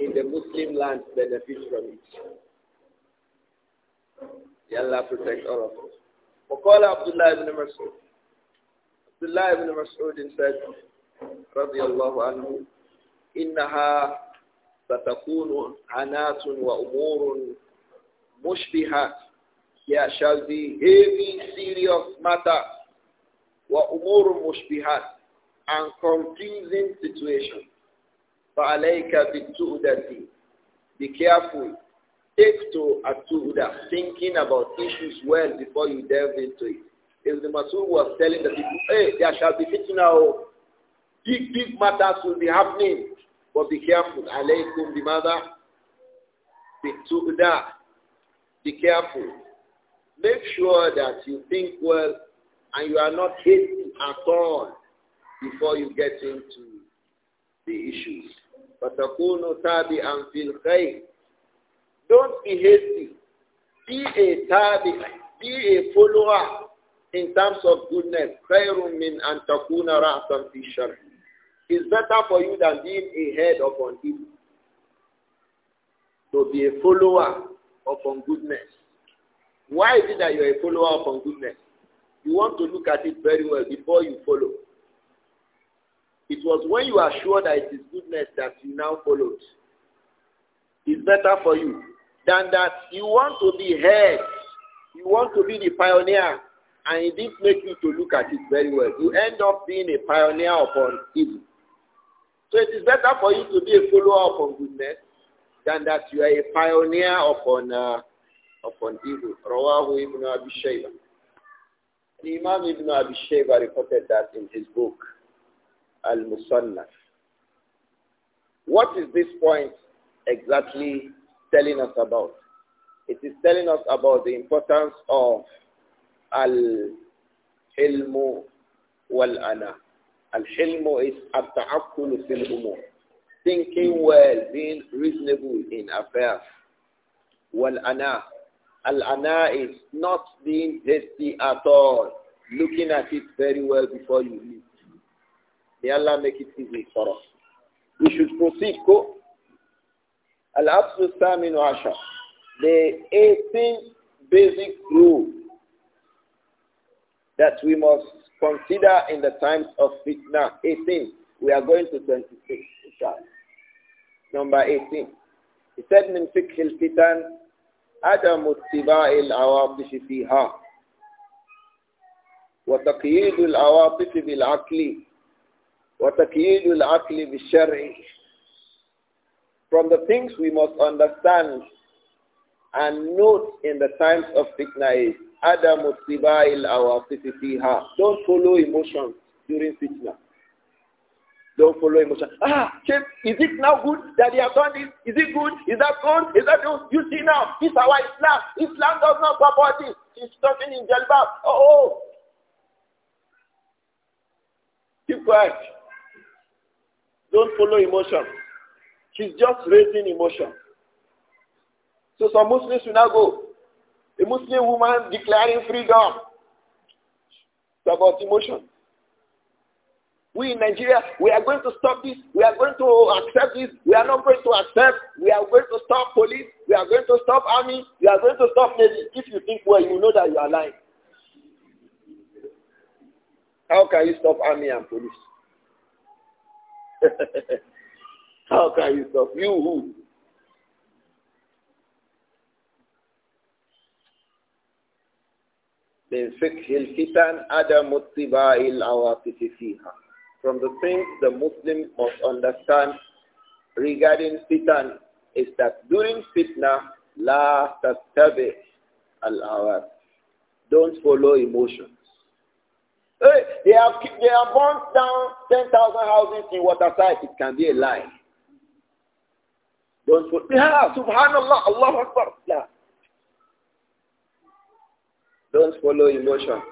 in the Muslim land benefit from it. Allah protect all of us. Maqala Abdullah ibn Mas'ud. Abdullah ibn Mas'ud said, رضي الله عنه إنها ستكون عنات وأمور مشبهة Yeah, shall be heavy, serious matter. وأمور مشبهة and confusing situation. فعليك بالتؤدة Be careful Take to Atuda, thinking about issues well before you delve into it. the Masud was telling the people, hey, there shall be now, big, big matters will be happening, but be careful. Alaykum the mother. Be careful. Make sure that you think well and you are not hasty at all before you get into the issues. But فَتَكُونُ تَابِعًا and الْخَيْرِ don't be hasty. Be a tabi, be a follower in terms of goodness. It's better for you than being a head upon evil. So be a follower upon goodness. Why is it that you're a follower upon goodness? You want to look at it very well before you follow. It was when you are sure that it is goodness that you now followed. It's better for you than that you want to be heard, you want to be the pioneer, and it didn't make you to look at it very well. You end up being a pioneer upon evil. So it is better for you to be a follower upon goodness than that you are a pioneer upon uh, upon evil. Rawahu ibn Abi Shayba. The Imam ibn Abi Shayba reported that in his book, Al-Musannaf. What is this point exactly telling us about. It is telling us about the importance of al-hilmu wal-ana. Al-hilmu is at-ta'akkulu fil umur. Thinking well, being reasonable in affairs. Wal-ana. Al-ana is not being hasty at all. Looking at it very well before you leave. May Allah make it easy for us. We should proceed. Go. Al-Absu in Russia. The 18 basic rule that we must consider in the times of fitna. 18. We are going to 26. Number 18. It said, Min fikhi al-fitan, adam uttiba'i al-awabish fiha. Wa taqiyidu al-awabish bil-akli. Wa taqiyidu al-akli bil-shar'i. From the things we must understand and note in the times of fitna is Adam Sibail our fiha. Don't follow emotions during fitna. Don't follow emotion. Ah, is it now good that they have done this? Is it good? Is that good? Is that good? You see now, this is our Islam. Islam does not support this. She's talking in Jalbab. Oh, oh. Keep quiet. Don't follow emotion. She's just raising emotion. So some Muslims will now go. A Muslim woman declaring freedom. It's about emotion. We in Nigeria, we are going to stop this. We are going to accept this. We are not going to accept. We are going to stop police. We are going to stop army. We are going to stop navy. If you think well, you know that you are lying. How can you stop army and police? [laughs] How can you stop? You who? من فقه الفتن عدم اتباع العواطف From the things the Muslim must understand regarding fitan is that during fitna, la tattabi al-awat. Don't follow emotions. Hey, they have they have burnt down 10,000 houses in Waterside. It can be a lie. Don't put, yeah, subhanallah, Allahu Akbar. Yeah. Don't follow emotion.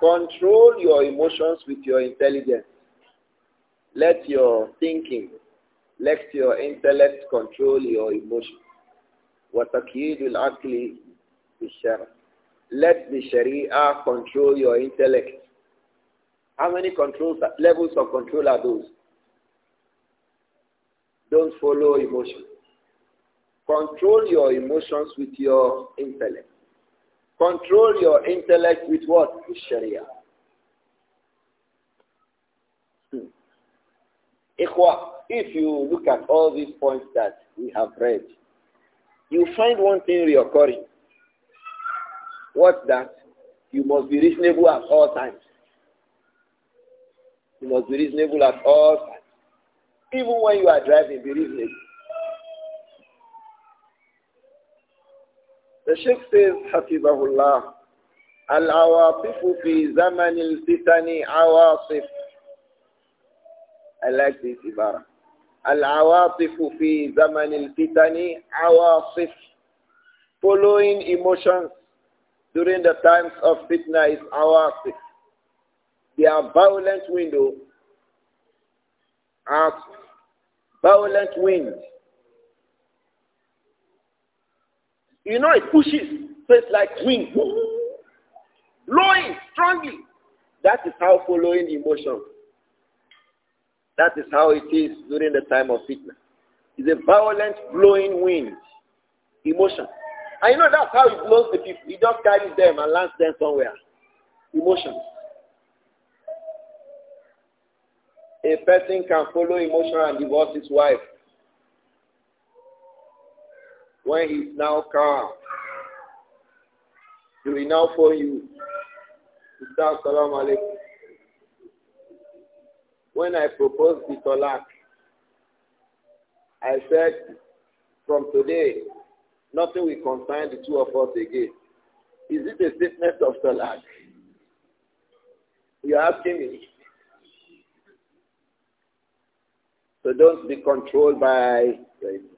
Control your emotions with your intelligence. Let your thinking, let your intellect control your emotion. وَتَكِيدُ الْعَقْلِ بِالشَّرَعِ Let the Sharia control your intellect. How many controls, levels of control are those? Don't follow emotion. Control your emotions with your intellect. Control your intellect with what? With Sharia. Hmm. If you look at all these points that we have read, you find one thing reoccurring. What's that? You must be reasonable at all times. You must be reasonable at all times. Even when you are driving, believe me. The Sheikh says, Hafizahullah, Al-awatifu fi zaman al-fitani awatif. I like this ibara. Al-awatifu fi zaman al-fitani awatif. Following emotions during the times of fitna is awatif. They are violent windows as violent wind. You know, it pushes, so it's like wind. Blowing strongly. That is how following emotion. That is how it is during the time of fitness. It's a violent blowing wind. Emotion. And you know that's how it blows the people. It just carries them and lands them somewhere. Emotion. a person can follow emotion and divorce his wife when he's now calm. He will now for you. Sister, When I proposed the talak, I said, from today, nothing will concern the two of us again. Is it a statement of talak? You're asking me. So don't be controlled by your emotion.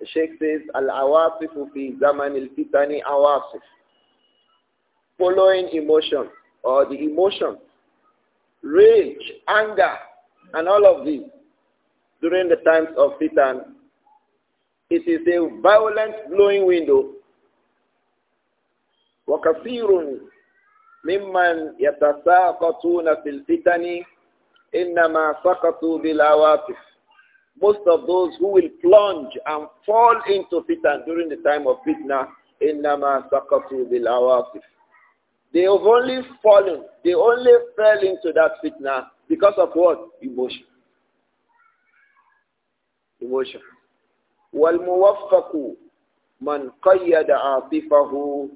The Sheikh says, Al-awasifu fi zaman al-fitani awasif. Following emotion or the emotion, rage, anger, and all of these during the times of fitan, it is a violent blowing window. وَكَثِيرٌ مِمَّنْ يَتَسَاقَطُونَ فِي الْفِتَنِ إِنَّمَا سَقَطُوا بِالْعَوَاطِفِ Most of those who will plunge and fall into fitnah during the time of fitna, إِنَّمَا سَقَطُوا بِالْعَوَاطِفِ They have only fallen, they only fell into that fitna because of what? Emotion. Emotion. وَالْمُوَفَّقُ مَنْ قَيَّدَ عَاطِفَهُ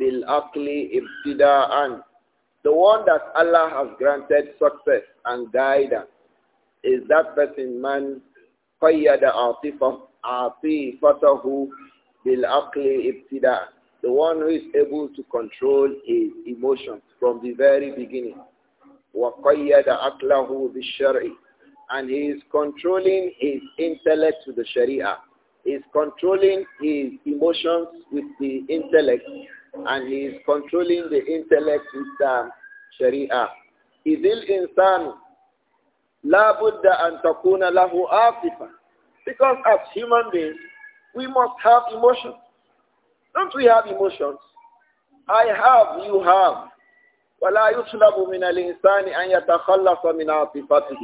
بِالْأَقْلِ ابْتِدَاءً the one that Allah has granted success and guidance is that person man The one who is able to control his emotions from the very beginning. Wa qayyada aqlahu bil And he is controlling his intellect with the sharia. He is controlling his emotions with the intellect and he is controlling the intellect with the um, sharia idil insanu la budda an takuna lahu afifa because as human beings we must have emotions don't we have emotions i have you have ولا يطلب من الإنسان أن يتخلص من عاطفته.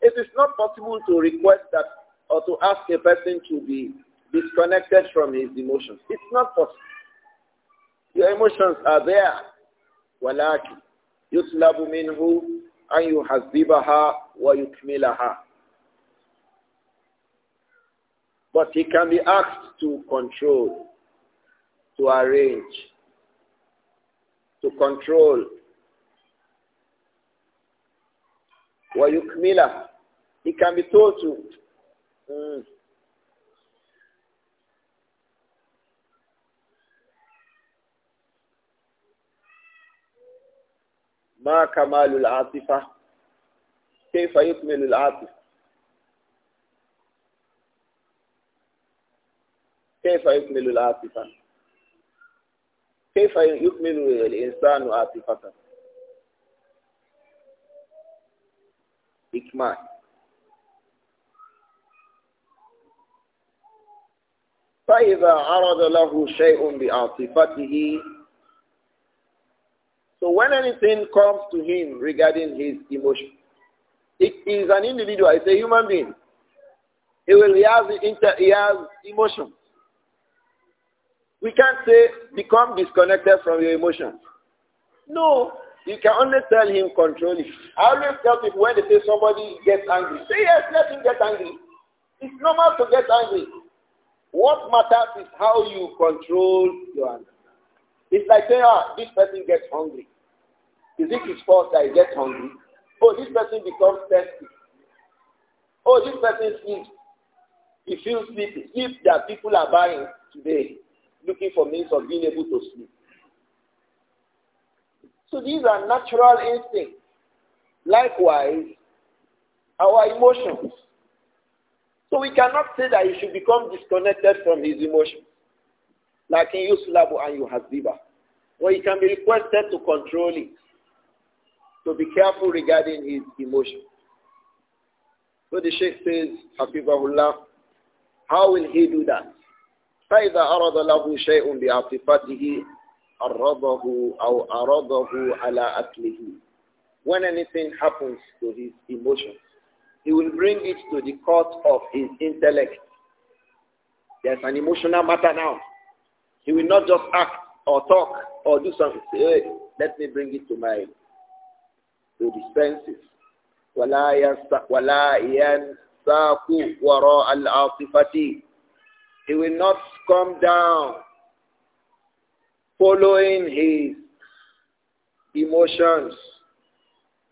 It is not possible to request that or to ask a person to be disconnected from his emotions. It's not possible. Your emotions are there. ولكن منه أن يحذبها ويكملها But he can be asked to control, to arrange, to control. ويكملها He can be told to, mm, ما كمال العاطفة كيف يكمل العاطفة كيف يكمل العاطفة كيف يكمل الإنسان عاطفته إكمال فإذا عرض له شيء بعاطفته So when anything comes to him regarding his emotion, he is an individual, he's a human being. He will he has, inter, he has emotions. We can't say become disconnected from your emotions. No, you can only tell him control it. I always tell people when they say somebody gets angry, say yes, let him get angry. It's normal to get angry. What matters is how you control your anger. It's like saying, ah, this person gets hungry. Is it his fault that he gets hungry? Oh, this person becomes thirsty. Oh, this person sleeps. He feels sleepy. Sleep that people are buying today, looking for means of being able to sleep. So these are natural instincts. Likewise, our emotions. So we cannot say that he should become disconnected from his emotions. Like in Yusulabu and Yuhaziba. Or he can be requested to control it. So be careful regarding his emotion. So the Sheikh says, Hafizahullah, how will he do that? فإذا أراد له شيء بعاطفته أرضه أو أرضه على أكله. When anything happens to his emotions, he will bring it to the court of his intellect. There's an emotional matter now. He will not just act or talk or do something. Say, hey, let me bring it to my to the senses. ولا ينساق وراء العاصفة. He will not come down following his emotions.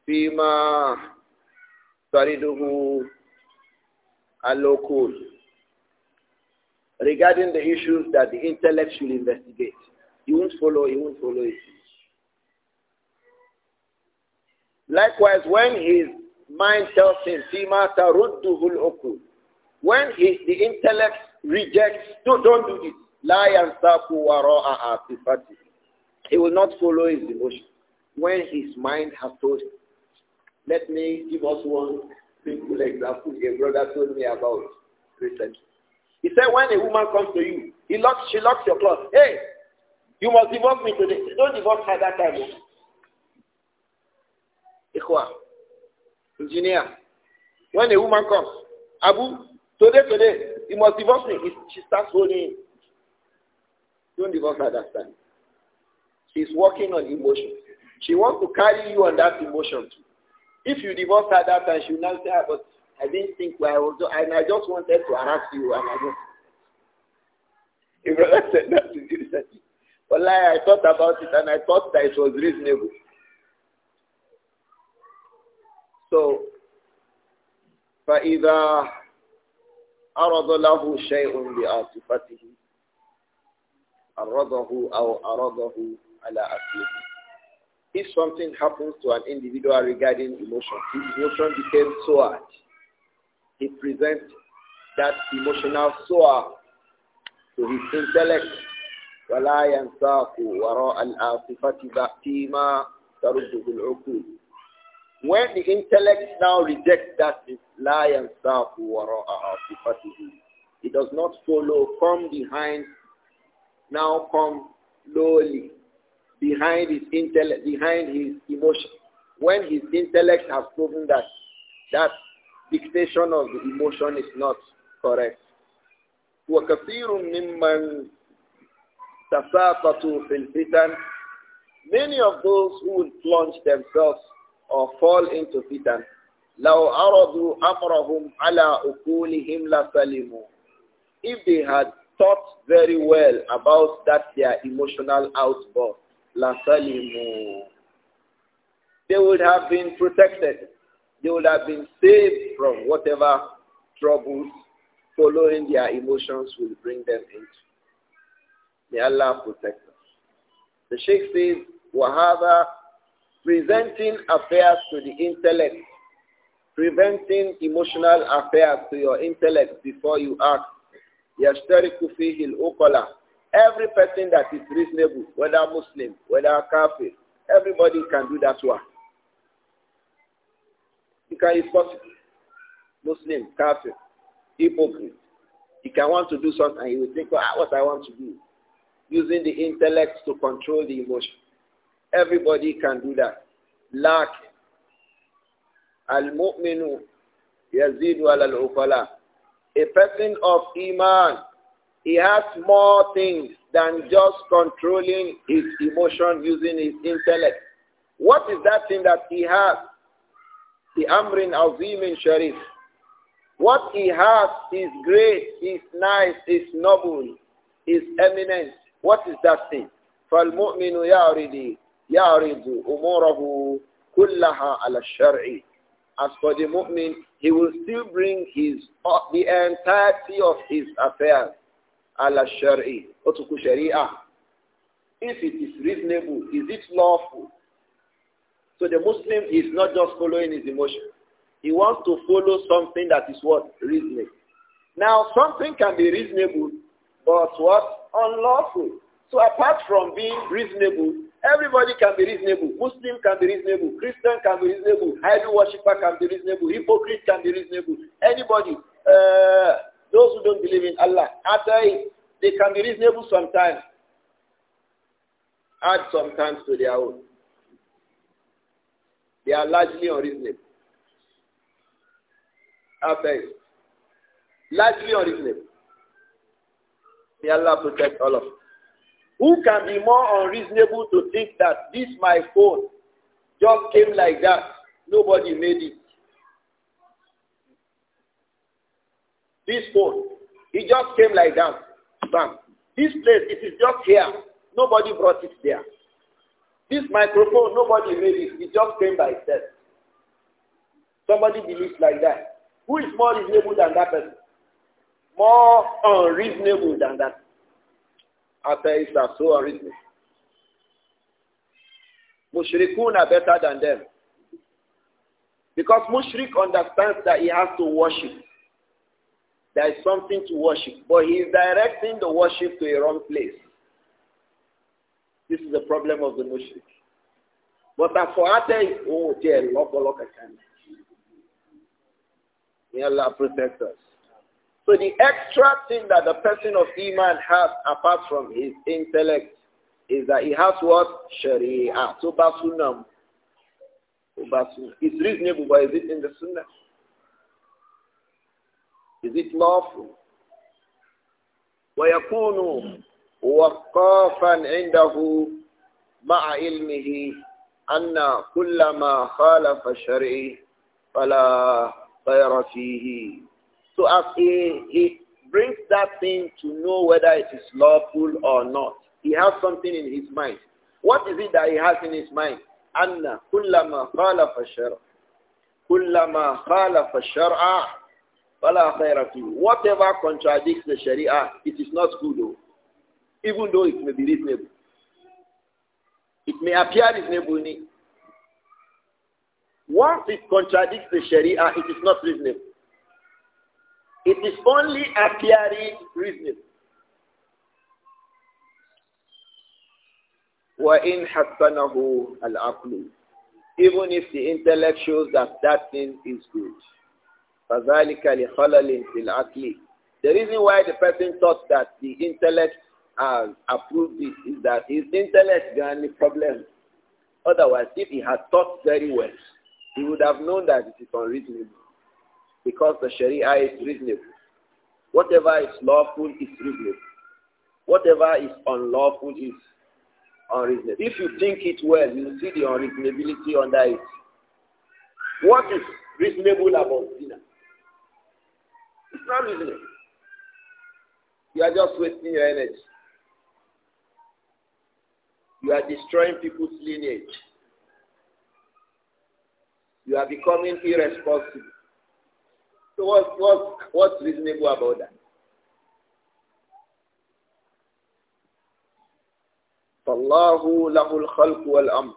فيما تريده العقول. Regarding the issues that the intellect should investigate. You won't follow, you won't follow it. Likewise, when his mind tells him, Sima tarudduhul okul, when his, the intellect rejects, no, don't do this, are all wara'a atifati. He will not follow his emotion. When his mind has told him, let me give us one simple example a brother told me about recently. He said, when a woman comes to you, he locks, she locks your clothes. Hey, you must divorce me today. Don't divorce her that time. Oh. Ikhwa, engineer, when a woman comes, Abu, today, today, you must divorce me. She starts holding. Don't divorce her that time. She's working on emotion. She wants to carry you on that emotion too. If you divorce her that time, she will now say, ah, but I didn't think I was, and I just wanted to harass you, and I just. brother said, no. Well, I thought about it and I thought that it was reasonable. So, فَإِذَا أَرَضَ لَهُ شَيْءٌ بِعَاطِفَتِهِ أَرَضَهُ أَوْ أَرَضَهُ عَلَى أَكْلِهِ If something happens to an individual regarding emotion, his emotion became soared. He presents that emotional soar to his intellect ولا ينساق وراء العاطفة فيما ترده العقول When the intellect now rejects that لا ينساق وراء عاطفته It does not follow from behind, now come lowly, behind his intellect, behind his emotion. When his intellect has proven that that dictation of the emotion is not correct. وَكَثِيرٌ مِمَّنْ وَالتَّسَاقَطُوا فِي الْفِتَنِ Many of those who will plunge themselves or fall into fitan, لَوْ أَرَضُوا أَمْرَهُمْ عَلَىٰ أُقُولِهِمْ لَسَلِمُوا If they had thought very well about that their emotional outburst, لَسَلِمُوا They would have been protected. They would have been saved from whatever troubles following their emotions will bring them into. May Allah protect us. The Sheikh says, Wahaba, presenting affairs to the intellect, preventing emotional affairs to your intellect before you act. يشترك فيه الأقلة Every person that is reasonable, whether Muslim, whether Kafir, everybody can do that one. You can, it's possible. Muslim, Kafir, hypocrite. He can want to do something and he will think, well, ah, what I want to do using the intellect to control the emotion. Everybody can do that. A person of Iman, he has more things than just controlling his emotion using his intellect. What is that thing that he has? The Amrin Azimin Sharif. What he has is great, is nice, is noble, is eminent. What is that thing? فالمؤمن يعرض يعرض أموره كلها على الشرع. As for the mu'min, he will still bring his uh, the entirety of his affairs على الشرع. أترك شريعة. If it is reasonable, is it lawful? So the Muslim is not just following his emotion. He wants to follow something that is what? Reasonable. Now, something can be reasonable, but what? unlawful. So apart from being reasonable, everybody can be reasonable. Muslim can be reasonable. Christian can be reasonable. Idol worshiper can be reasonable. Hypocrite can be reasonable. Anybody, uh, those who don't believe in Allah, after they can be reasonable sometimes. Add sometimes to their own. They are largely unreasonable. After largely unreasonable. May Allah protect all of us. Who can be more unreasonable to think that this my phone just came like that? Nobody made it. This phone, it just came like that. Bam. This place, it is just here. Nobody brought it there. This microphone, nobody made it. It just came by itself. Somebody believes like that. Who is more reasonable than that person? more unreasonable than that. Atheists are so unreasonable. Mushrikun are better than them. Because Mushrik understands that he has to worship. There is something to worship. But he is directing the worship to a wrong place. This is the problem of the Mushrik. But as for atheists, oh dear, lock, lock, I can. May Allah protect us. So the extra thing that the person of Iman has apart from his intellect is that he has what? Sharia. So basunam. It's reasonable, but is it in the sunnah? Is it lawful? ويكون وقافا عنده مع علمه أن كل ما خالف الشرع فلا خير فيه so as he, he brings that thing to know whether it is lawful or not, he has something in his mind. What is it that he has in his mind? أن كلما خالف الشرع فلا خير whatever contradicts the sharia it is not good though, even though it may be reasonable it may appear reasonable once it contradicts the sharia it is not reasonable it is only appearing reasonable. وَإِنْ حَسَّنَهُ الْعَقْلُ Even if the intellect shows that that thing is good. فَذَلِكَ لِخَلَلٍ فِي الْعَقْلِ The reason why the person thought that the intellect has approved it is that his intellect got any problem. Otherwise, if he had thought very well, he would have known that it is unreasonable because the Sharia is reasonable. Whatever is lawful is reasonable. Whatever is unlawful is unreasonable. If you think it well, you see the unreasonability under it. What is reasonable about dinner? It's not reasonable. You are just wasting your energy. You are destroying people's lineage. You are becoming irresponsible. So what's, what's, what's reasonable about that? فَاللَّهُ لَهُ الْخَلْقُ وَالْأَمْرُ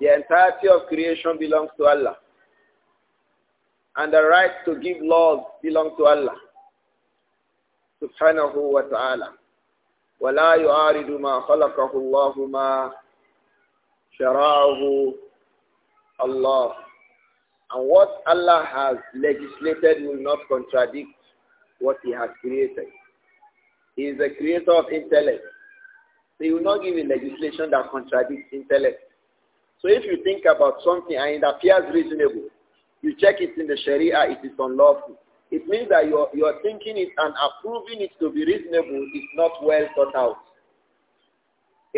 The entirety of creation belongs to Allah. And the right to give laws belongs to Allah. Subhanahu wa taala, ولا يعارض ما خلقه الله ما شرعه الله and what Allah has legislated will not contradict what he has created. He is the creator of intellect. So he will not give a legislation that contradicts intellect. So if you think about something and it appears reasonable, you check it in the Sharia, it is unlawful. It means that you're, thinking it and approving it to be reasonable is not well thought out.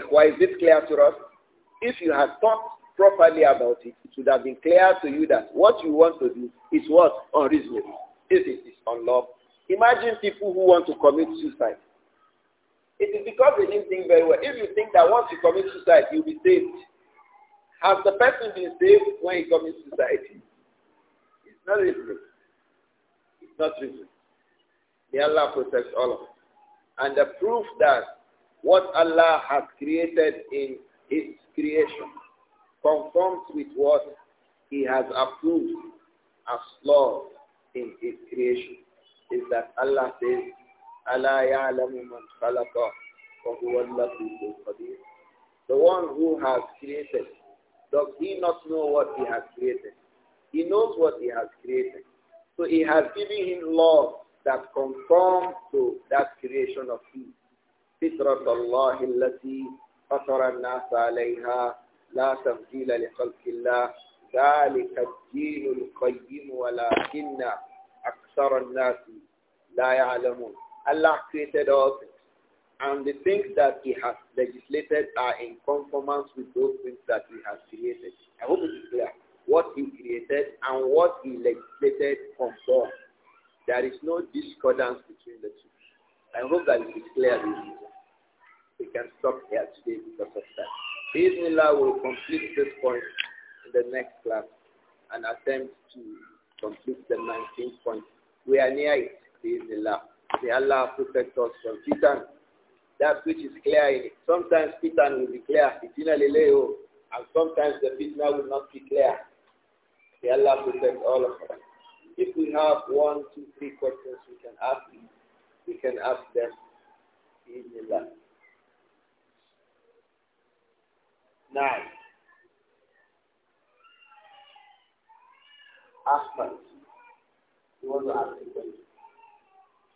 Why is this clear to us? If you had thought properly about it, it should have been clear to you that what you want to do is what? Unreasonable. If it is unlawful. Imagine people who want to commit suicide. It is because they didn't think very well. If you think that once you commit suicide, you'll be saved. Has the person been saved when he commits suicide? It's not reasonable. It's not reasonable. May Allah protect all of us. And the proof that what Allah has created in his creation conforms with what he has approved as law in his creation is that Allah says, Allah ya'lamu man khalaqa wa huwa qadir. The one who has created, does he not know what he has created? He knows what he has created. So he has given him laws that conform to that creation of his. فِطْرَةَ اللَّهِ الَّتِي فَطَرَ النَّاسَ عَلَيْهَا لا تبديل لخلق الله ذلك الدين القيم ولكن أكثر الناس لا يعلمون Allah created all things and the things that he has legislated are in conformance with those things that he has created. I hope it is clear. What he created and what he legislated conform. There is no discordance between the two. I hope that it is clear. We can stop here today because of that. Bismillah will complete this point in the next class and attempt to complete the 19th point. We are near it, Bismillah. May Allah protect us from Satan. That which is clear in it. Sometimes Satan will be clear, and sometimes the fitna will not be clear. May Allah protect all of us. If we have one, two, three questions we can ask, we can ask them. Bismillah. Nine. Ahmad, you want to ask a question.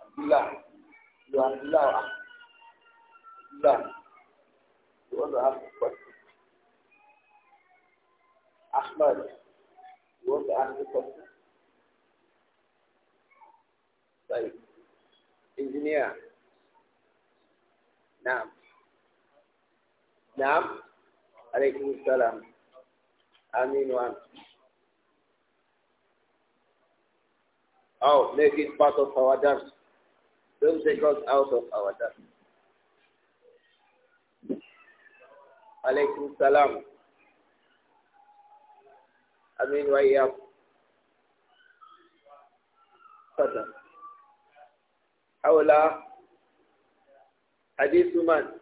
Abdullah, you are Abdullah. Abdullah, you want to ask a question. Ahmad, you want to ask a question. Like, engineer. Nam. Nam. Alaykum salam. Amin one. Oh, make it part of our dance. Don't take us out of our dance. Alaykum salam. Amin wa iyam. Fata. Hawla. Hadith man.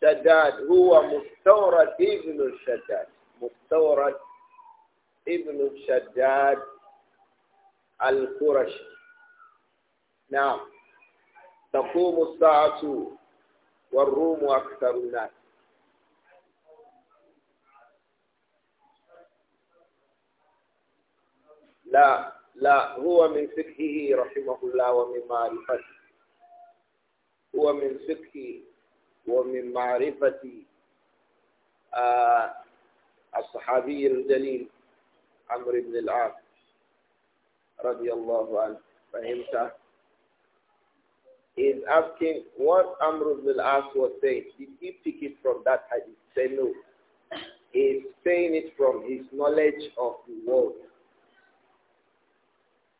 شداد هو مستورد ابن الشداد مستورد ابن الشداد القرشي نعم تقوم الساعة والروم أكثر الناس لا لا هو من فقهه رحمه الله ومن معرفته هو من فقهه ومن معرفة الصحابي الجليل بن العاص رضي الله عنه فهمت is asking what Amr ibn al-As was saying. Did he pick it from that hadith? Say no. He's saying it from his knowledge of the world,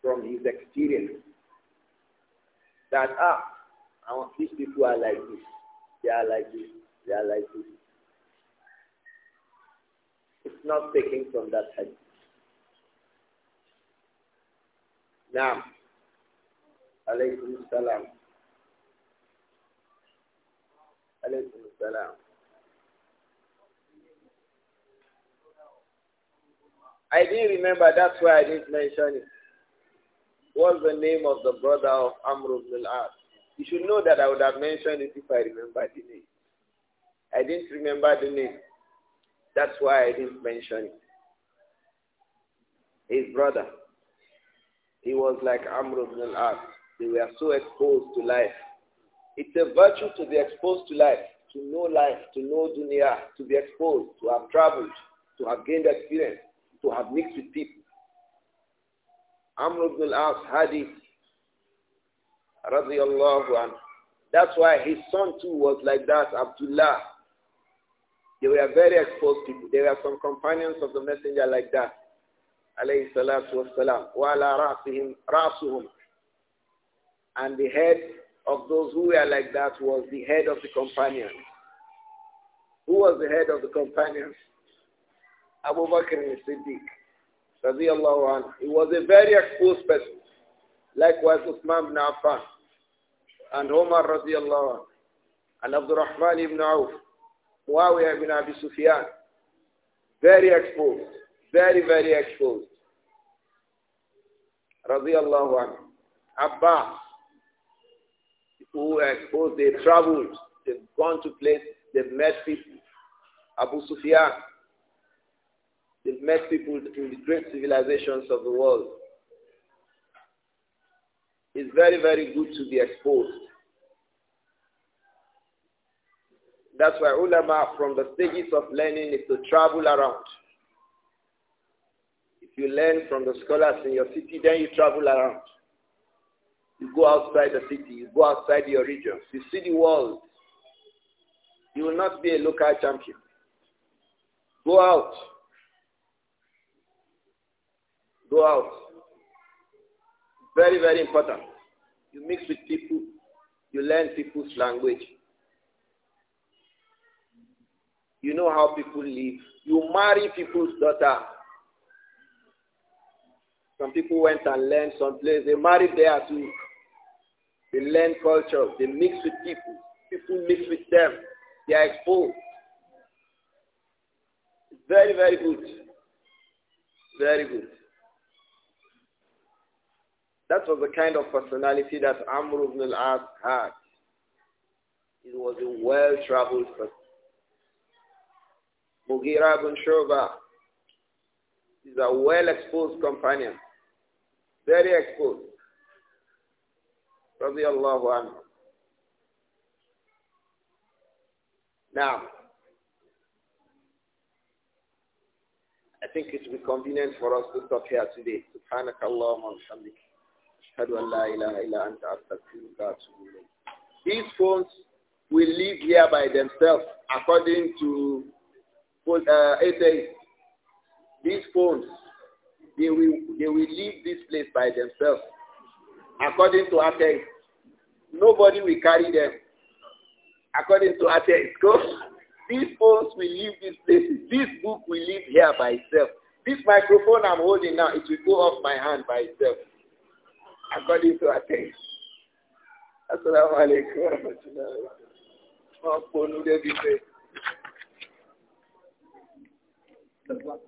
from his experience. That, ah, these people are like this. Yeah, I like this. Yeah, I like this. It's not taking from that hadith. Now, alaykum salam. Alaykum salam. I didn't remember, that's why I didn't mention it. What's the name of the brother of Amr ibn al-As? You should know that I would have mentioned it if I remembered the name. I didn't remember the name. That's why I didn't mention it. His brother, he was like Amr ibn al-As. They were so exposed to life. It's a virtue to be exposed to life, to know life, to know dunya, to be exposed, to have traveled, to have gained experience, to have mixed with people. Amr ibn al-As had it radiallahu anhu. That's why his son too was like that, Abdullah. They were very exposed people. There were some companions of the messenger like that. Alayhi salatu wasalam. rasuhum. And the head of those who were like that was the head of the companions. Who was the head of the companions? Abu Bakr al-Siddiq. Radiallahu He was a very exposed person. Likewise, Uthman ibn Affan and Omar radiallahu anh, and Abdurrahman ibn Auf, Muawiyah ibn Abi Sufyan. Very exposed, very, very exposed. Radiallahu anh. Abbas, who exposed, they traveled, they've gone to places, they've met people. Abu Sufyan, they've met people in the great civilizations of the world. It's very, very good to be exposed. That's why ulama from the stages of learning is to travel around. If you learn from the scholars in your city, then you travel around. You go outside the city, you go outside your region. you see the world. You will not be a local champion. Go out. Go out. Very, very important. You mix with people, you learn people's language. You know how people live. You marry people's daughter. Some people went and learned someplace. They married there too. They learn culture. They mix with people. People mix with them. They are exposed. Very, very good. Very good. That was the kind of personality that Amr ibn al-As had. He was a well-traveled person. Mughira ibn Shoba is a well-exposed companion. Very exposed. Radiallahu anhu. Now, I think it will be convenient for us to stop here today. Subhanakallahumma wa these phones will live here by themselves according to uh, atheists. These phones, they will, they will leave this place by themselves according to atheists. Nobody will carry them according to atheists. These phones will leave this place. This book will live here by itself. This microphone I'm holding now, it will go off my hand by itself. according to our text. Assalamu alaikum wa rahmatullahi wa barakatuh.